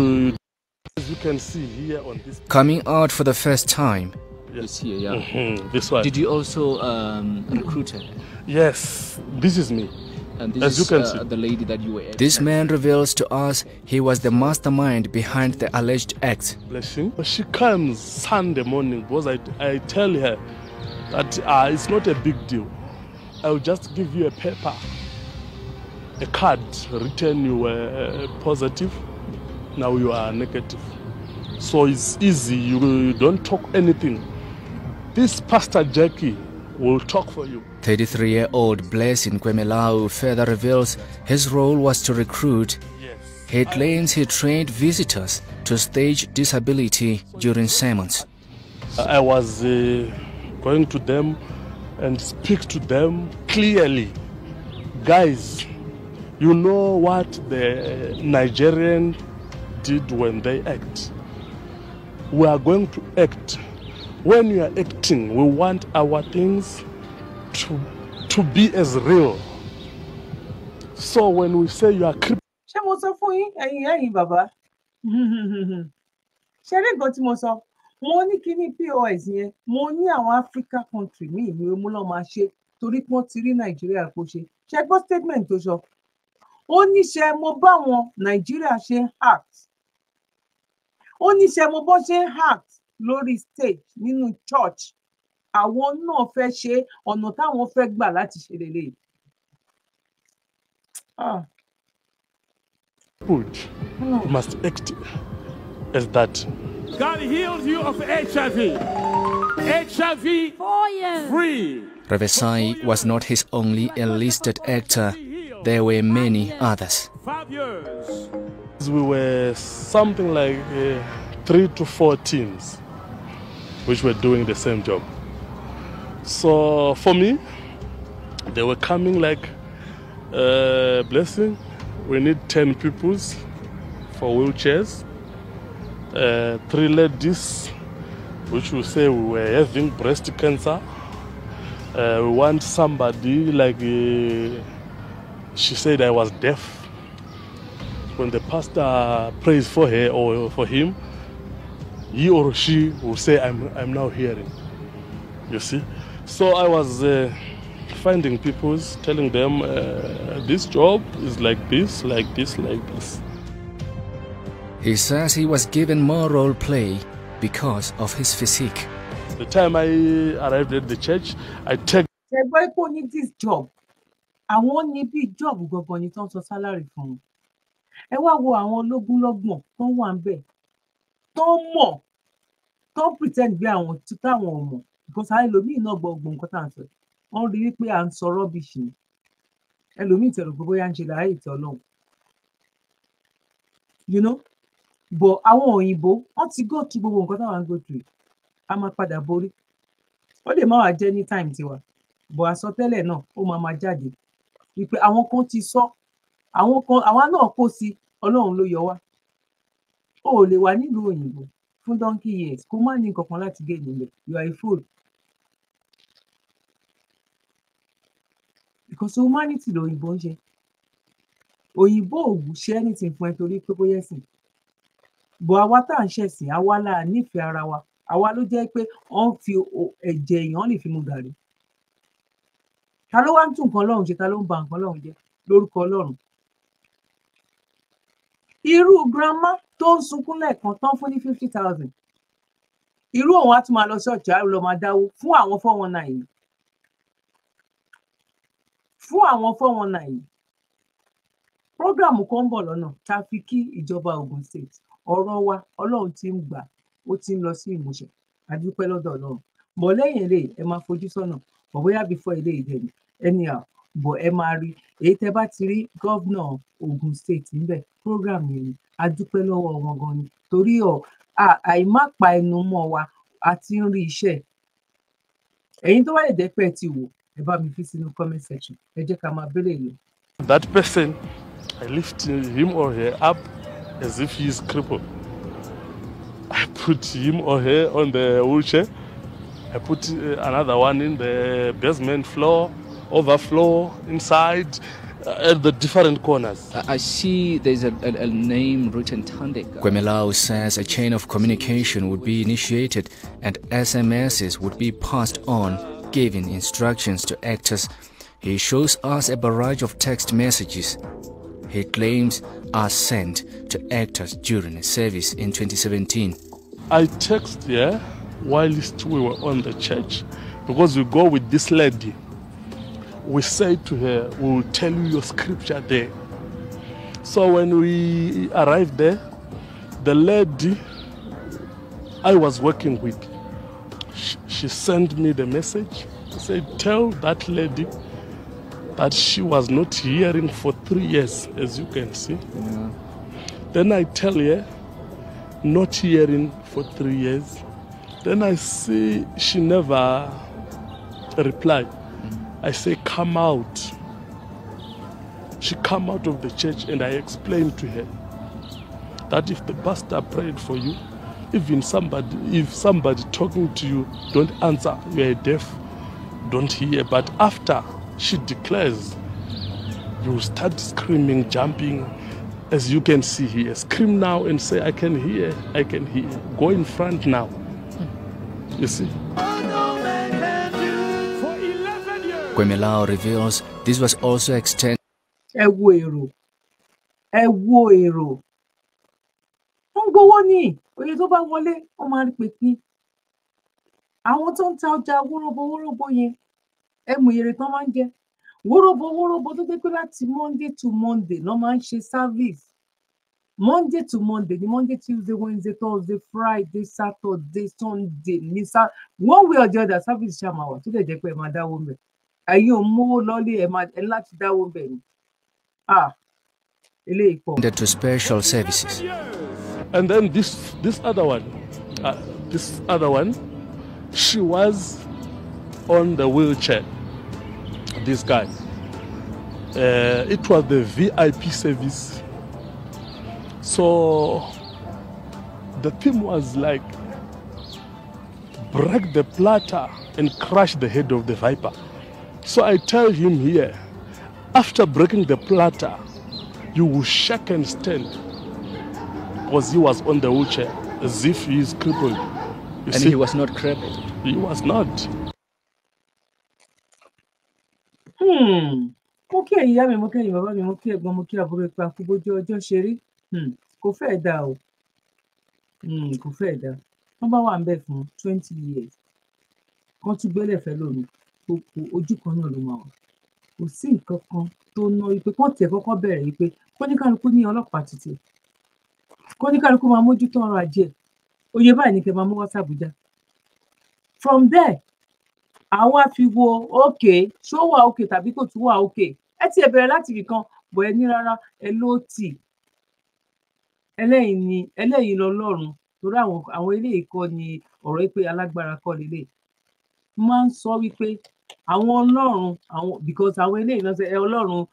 as Coming out for the first time, this year, yeah. Mm -hmm. This one. Did you also um, recruit her? Yes, this is me. And this As is, you can uh, see. the lady that you were This man reveals to us he was the mastermind behind the alleged acts. Blessing, She comes Sunday morning because I, I tell her that uh, it's not a big deal. I'll just give you a paper, a card written you were uh, positive, now you are negative. So it's easy, you don't talk anything. This Pastor Jackie will talk for you. 33 year old Blessing Kwemelau further reveals his role was to recruit. Yes. He claims he trained visitors to stage disability during sermons. I was uh, going to them and speak to them clearly. Guys, you know what the Nigerian did when they act. We are going to act when we are acting, we want our things to, to be as real. So when we say you are creeping. ṣé mo sọ fún yín ẹ̀yin ẹ̀yin bàbá ṣe rí nǹkan tí mo sọ mo ní kíní pos yẹn mo ní àwọn Africa country ní ìlú emúlọ máa ṣe torí pé wọ́n ti rí Nàìjíríà kó ṣe ṣe gbọ́ statement tó sọ ó ní ṣe mo bá wọn Nàìjíríà ṣe act ó ní ṣe mo bọ́ ṣe act lórí stage nínú church àwọn náà fẹ́ ṣe ọ̀nà táwọn fẹ́ gbà láti ṣe lélẹ̀. Put ah. hmm. you must act as that. God heals you of HIV. HIV free. Revesai was not his only enlisted actor. There were many others. We were something like uh, three to four teams which were doing the same job. So for me, they were coming like uh, blessing. We need 10 pupils for wheelchairs, uh, three ladies, which will say we were having breast cancer. Uh, we want somebody like uh, she said I was deaf. When the pastor prays for her or for him, he or she will say, I'm, I'm now hearing. You see? So I was uh, finding people, telling them, uh, this job is like this, like this, like this. He says he was given more role play because of his physique. The time I arrived at the church, I take. ṣe boy pé ó this job àwọn need this job We go tó ń sọ salary fún un want wá look àwọn more. lọ́gbọ̀n tó wà ń bẹ̀ not more. tó ń pretend bí àwọn títà àwọn ọmọ because àwọn ẹlòmíì náà gbọ́ gbọ́ nǹkan tá à ń sọ wọ́n rí i pé à ń sọ rubbish ni ẹlòmíì tẹ̀lé gbogbo yá ń ṣe láàyè ìtẹ́ ọlọ́run you know but àwọn òyìnbó wọ́n ti go through gbogbo nǹkan táwọn go through a máa padà borí ó lè má wàá jẹ́ ní time tiwa but àsọtẹ́lẹ̀ náà ó máa máa jáde wípé àwọn kan ti sọ àwọn kan àwa náà kó sí ọlọ́run ló yọ wá o ò lè wà nílùú òyìnbó fún donkey years kó má ní nǹkan kan láti gé nílẹ̀ you are a fool because humanity lòyìnbó ń ṣe òyìnbó ò ṣe anything fún ẹ torí pé bóyá ẹ̀sìn bọ̀ àwa tá à ń ṣẹ̀sìn àwa là nífẹ̀ẹ́ ara wa àwa ló jẹ́ pé wọ́n fi ẹ̀jẹ̀ èèyàn lè fi mu gàrí ta ló wá ń tún nǹkan ọlọ́run ṣe ta ló ń ba nǹkan ọlọ́run jẹ́ lórúkọ ọlọ́run irú grandma tó ń sunkún lẹ́ẹ̀kan tán fún ní fifty thousand irú òun á tún máa lọ ṣọ́ọ̀ṣì á lọ máa dáwó fún àwọn four one nine yìí fún àwọn four one nine yìí program kan ń bọ̀ lọ́nà tá a fi kí ìjọba Ògùn state ọ̀rọ̀ wa Ọlọ́run ti ń gbà ó ti ń lọ sí ìmúṣẹ àdúpẹ́ lọ́dọ̀ Ọlọ́run mọ̀lẹ́yìn rẹ̀ ẹ máa fojú sọ́nà bọ̀bọ́yá bífọ́ ilé ìdẹ́ni anyhow bọ̀ ẹ máa rí èyí tẹ́ bá ti rí Ogun State níbẹ̀ program lọ́wọ́ wọn gan ni torí ọ̀ àìmápa ẹnu mọ́ wa a ti ń rí iṣẹ́ ẹ̀yin tó wá lè pé ti wò ẹ bá mi fi sínú comment section ẹ jẹ́ ká máa bẹ̀rẹ̀ that person I lift him or her up as if he is crippled. I put him or her on the wheelchair. I put eh, another one in the basement floor overflow inside uh, at the different corners. I see there's a, a, a name written Tandeka. Gwemelao says a chain of communication would be initiated and SMSs would be passed on, giving instructions to actors. He shows us a barrage of text messages he claims are sent to actors during a service in 2017. I text there whilst we were on the church because we go with this lady we said to her, We will tell you your scripture there. So when we arrived there, the lady I was working with, she, sent me the message. She said, Tell that lady that she was not hearing for three years, as you can see. Yeah. Then I tell her, not hearing for three years. Then I see she never replied. I say, Come out. She come out of the church and I explained to her that if the pastor prayed for you, even somebody if somebody talking to you don't answer, you are deaf, don't hear. But after she declares, you start screaming, jumping, as you can see here. Scream now and say, I can hear, I can hear. Go in front now. You see? Guemelao reveals this was also extended. ẹ wo èrò ẹ wo èrò wọ́n gbowó ní oye tó bá wọlé wọ́n máa ń pè kí àwọn tó ń ta ọjà wóróbo wóróbo yẹn ẹ mọ èrè tán máa ń jẹ wóróbo wóróbo tó dé pé láti monday to monday náà máa ń ṣe service monday to monday ni monday tuesday wednesday thursday friday saturday sunday ní sa one way or the other service ṣàmàwà tó dẹ̀ jẹ́ pé ẹ máa dáwọ́ mẹ́ta. ẹ̀yin ò mówó ẹ̀ máa ẹ̀ láti dáwó ni the two special services. and then this this other one uh, this other one she was on the wheelchair this guy uh, it was the vip service so the team was like break the platter and crush the head of the viper so I tell him here, after breaking the platter, you will shake and stand. Because he was on the wheelchair, as if he is crippled. You and see? he was not crippled? He was not. Hmm. Okay, kí ẹ̀yin okay, mi mo kí ẹ̀yin bàbá mi mo kí ẹ̀gbọ́n mo kí àbúrò ipa kú bójú ọjọ́ ṣe rí kò fẹ́ẹ̀ dáa o kò fẹ́ẹ̀ dáa wọ́n bá wà ń bẹ̀ fún twenty years wọ́n tún gbélé fẹ́ lónìí tó ojú kan náà ló máa wà kò sí nǹkan kan tó ná wípé kán tiẹ̀ kọ́kọ́ bẹ̀rẹ̀ wípé kóníkàlùkù ní ọlọ́pàá títì kóníkàlùkù máa mójútó ọrọ̀ ajé oyè báyìí ni kẹ́ máa mú wá sàbújá from there àwa fi wo òkè ṣó wà òkè tàbí kò tún wà òkè ẹ ti ẹ bẹ̀rẹ̀ láti ibìkan bọ̀ ẹ ní rárá ẹ ló tì ẹlẹ́yìn ni ẹlẹ́yìn lọ́lọ́run torí àwọn àwọn eléyìí kọ́ ni ọ̀rọ̀ pé alágbára kọ́ lélẹ̀ máa ń sọ wípé àwọn ọlọ́run àwọn because àwọn eléyìí náà ṣe ọlọ́run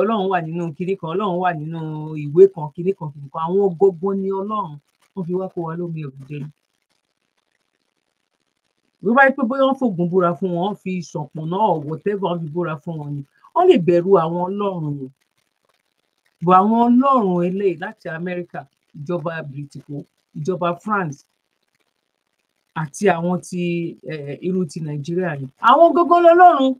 ọlọ́run wà nínú kinní kan ọlọ́run wà nínú ìwé kan kinní kan kinní kan àwọn gbogbo ni ọlọ́run wọ́n fi wá kó wa lómi ẹ̀rù jẹ ló bá yẹ pé bóyá wọ́n fògùn búra fún wọn wọ́n fi ṣọ̀pọ̀ náà whatever tẹ́fà wọ́n fi búra fún wọn ni wọ́n lè bẹ̀rù àwọn ọlọ́run yẹn bọ̀ àwọn ọlọ́run eléyìí láti Amẹ́ríkà ìjọba bìrìtìkó ìjọba France àti àwọn ti irú ti nàìjíríà yìí àwọn gógó lọ́lọ́run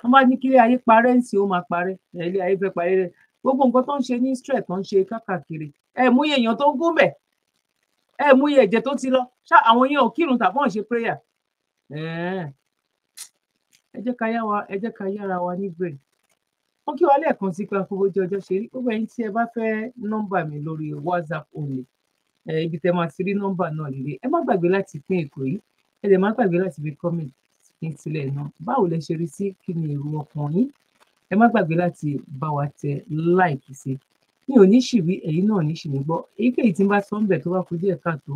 wọn bá ní kí ilé ayé parẹ́ ń sìn ó máa parẹ́ ilé ayé fẹ́ parẹ́ rẹ̀ gbogbo nǹkan tó ń ṣe ní Israel tó ń ṣe káàkiri ẹ múye èèyàn tó ń gún bẹ̀ ẹ múye ẹ̀jẹ̀ tó ti lọ ṣá àwọn yẹn ò kírun tàbọn ṣe prayer ẹ jẹ́ ká yá wa ẹ jẹ́ ká yára wa ní break wọn kí wa lẹ́ẹ̀kan sí pé àkókò jẹ ọjọ́ ṣe rí gbogbo ẹ̀yin tí ẹ bá fẹ́ nọ́mbà mi lórí WhatsApp only Eh, ibi tẹ́ máa ti rí nọ́mbà náà lélẹ̀ ẹ má gbàgbé láti pín ètò yìí ẹ dẹ̀ má gbàgbé láti fi comment pín sílẹ̀ náà báwo lẹ ṣe rí sí kí ni èrò ọkàn yín ẹ má gbàgbé láti bá wa tẹ like sí mi ò ní ṣìwí ẹ̀yin náà ní ṣìwí gbọ́ èyíkéyìí tí n bá sọ ń bẹ̀ tó bá kojú ẹ̀ káàtó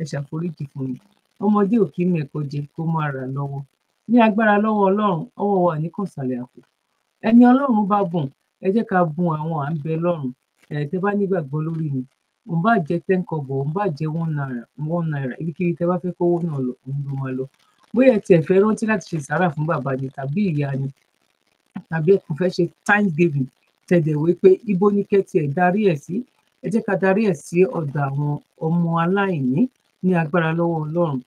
ẹ ṣàforíjì fún mi ọmọdé ò kí ń mẹ̀kọ jẹ kó máa rà lọ́wọ́ ní agbára lọ́wọ́ ọlọ́run ọwọ́ wa ní kọ̀sàlẹ̀ àpò ẹni ọlọ́run bá bùn ẹ jẹ́ ká bùn àwọn à ń bẹ lọ́run ẹ̀ tẹ́ bá nígbàgbọ́ lórí mi òun bá jẹ ten kobo òun bá jẹ one naira one naira ibikíbi tẹ bá fẹ́ kówó náà lọ òun ló máa lọ bóyá tiẹ̀ fẹ́ rántí láti ṣe sàárà fún bàbá ni tàbí ìyá ni tàbí ẹ kò fẹ́ ṣe thanksgiving tẹ̀dẹ̀wé pé ibo ni kẹ́tì ẹ̀ darí ẹ̀ sí ẹ jẹ́ ká darí ẹ̀ sí ọ̀dọ̀ àwọn ọmọ aláìní ní agbára lọ́wọ́ ọlọ́run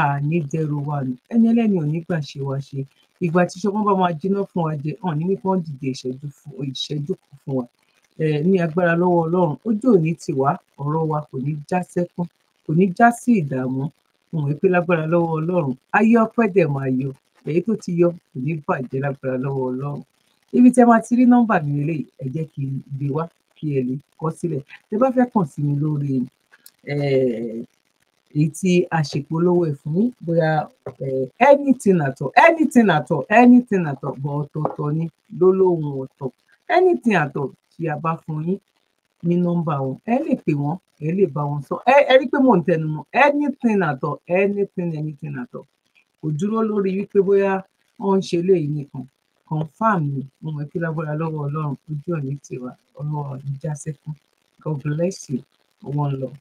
àní dẹrù wa nù ẹni ẹlẹ́ni ò ní gbà ṣe wa ṣe ìgbà tí ṣọgbọ́n bá máa jiná fún wa jẹ hàn ní nípa dìde ìṣẹ́jú kan fún wa ní agbára lọ́wọ́ ọlọ́run ọjọ́ òní ti wá ọ̀rọ̀ wa kò ní já sẹ́kún kò ní já sí ìdààmú mo mọ̀ pé lágbára lọ́wọ́ ọlọ́run ayé ọpẹ́ dẹ̀ máa yọ èyí tó ti yọ kò ní bàjẹ́ lágbára lọ́wọ́ ọlọ́run ibi tí ẹ máa ti rí nọ́mbà mi lè ẹ jẹ́ kí n gbé wá kí ẹ lè kọ sílẹ̀ tẹ bá fẹ́ kàn sí mi lórí èyí tí a ṣèpolówó ẹ fún bóyá anything at all anything at all anything at all bọ̀ ọ̀tọ̀ọ̀tọ̀ ni lólóhùn ọ̀tọ̀ anything at all tí a bá fún yín ní nọ́mbà wọn ẹ lè pè wọn ẹ lè bá wọn sọ ẹ rí i pé mò ń tẹnu mọ́ anything at all anything anything at all kò dúró lórí wípé bóyá wọn ń ṣe eléyìí nìkan confam ni mo mọ kí lágbára lọ́wọ́ Ọlọ́run ojú ọ̀nì tiwa ọlọ́run ìjásẹ́kùn God bless you one love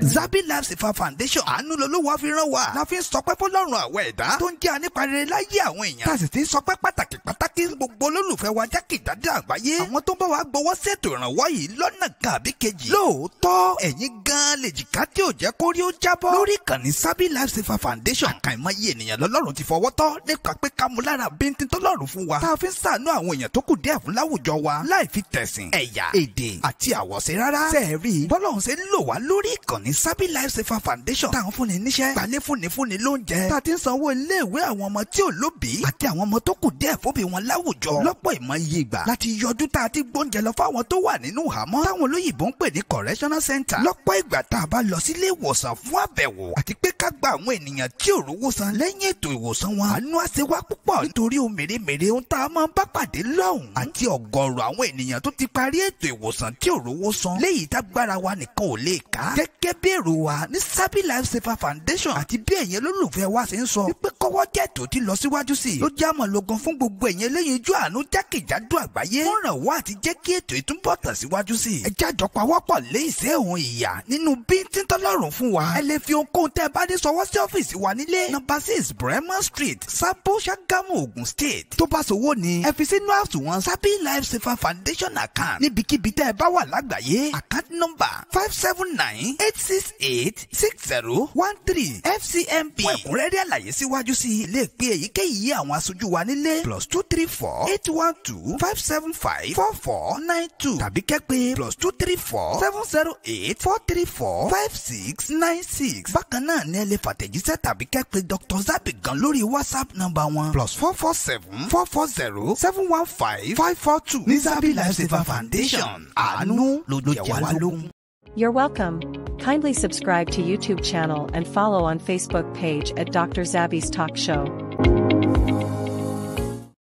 zabi lives ifa foundation àánú lolówó fi ràn wá la fi ń sọpẹ́ fọlọ́run àwọn ẹ̀dá tó ń jẹ́ aníparẹ́ láyé àwọn èèyàn tá a sì ti sọpẹ́ pàtàkì pàtàkì gbogbo olólùfẹ́ wa jákèjádé àgbáyé àwọn tó ń bá wa gbowó ṣètò ìrànwọ́ yìí lọ́nà kan àbí kejì lóòótọ́ ẹ̀yin gan-an lè jìká tí ò jẹ́ kó rí ó jábọ́ lórí ìkànnì zabi lives ifa foundation àkàìmọye ènìyàn lọ́lọ́run ti fọwọ́ tọ́ nípa pé ká mú lára bíntín tọ́lọ́run fún wa tá a fi ń ṣàánú èdè àti àwọ̀ṣe rárá. sẹ́ẹ̀rì bọ́lọ́hún ṣe ń lò wá lórí ìkànnì Sabi Lifesaver Foundation tá à ń fúnni níṣẹ́ gbalẹ̀ fúnni fúnni lóúnjẹ tá a ti ń sanwó iléèwé àwọn ọmọ tí ò lóbìí àti àwọn ọmọ tó kù díẹ̀ fóbi wọn láwùjọ lọ́pọ̀ ìmọ̀ iye ìgbà láti yọjú tá a ti gbóúnjẹ lọ fáwọn tó wà nínú ìhámọ́ táwọn olóyìnbó ń pè ní correctional center lọ́pọ̀ ìgbà tá a bá lọ sílé ìwòsàn fún àbẹ̀wò àti pé ká gba àwọn ènìyàn tí ò rówó san lẹ́yìn ètò ìwòsàn wọn àánú àṣewá púpọ̀ nítorí ohun mèremère ohun tá a máa ìwòsàn tí ò rówó san léyìí tágbára wa nìkan ò lè ká. gẹ́gẹ́ bí èrò wa ní Sabi Life Saver Foundation àti bí ẹ̀yin olólùfẹ́ wa ṣe ń sọ wípé kọ́wọ́ jẹ́ ètò tí lọ síwájú sí i ló jẹ́ àmọ̀ fún gbogbo ẹ̀yin eléyìí ojú àánú jákèjádò àgbáyé wọ́n ràn wá àti jẹ́ kí ètò ìtúbọ̀ tẹ̀síwájú sí i. ẹ jájọ pawọ́pọ̀ lé ìṣe òun ìyà nínú bíntín tọ́lọ́run fún wa. ẹ lè fi tẹ́ ẹ bá wà lágbàáyé account number five seven nine eight six eight six zero one three fcmb fún ẹ̀kúnrẹ́rẹ́ àlàyé síwájú sí i lè pe èyíkéyìí àwọn aṣojú wa nílé plus two three four eight one two five seven five four four nine two tàbí kẹ́pẹ́ plus two three four seven zero eight four three four five six nine six bákan náà ni ẹ lè fàtẹ̀jíṣẹ́ tàbí kẹ́pẹ́ Dr. Zabby gan lórí whatsapp nọ́mbà wọn plus four four seven four four zero seven one five five four two ní life saver Foundation. You're welcome. Kindly subscribe to YouTube channel and follow on Facebook page at Dr. Zabby's Talk Show.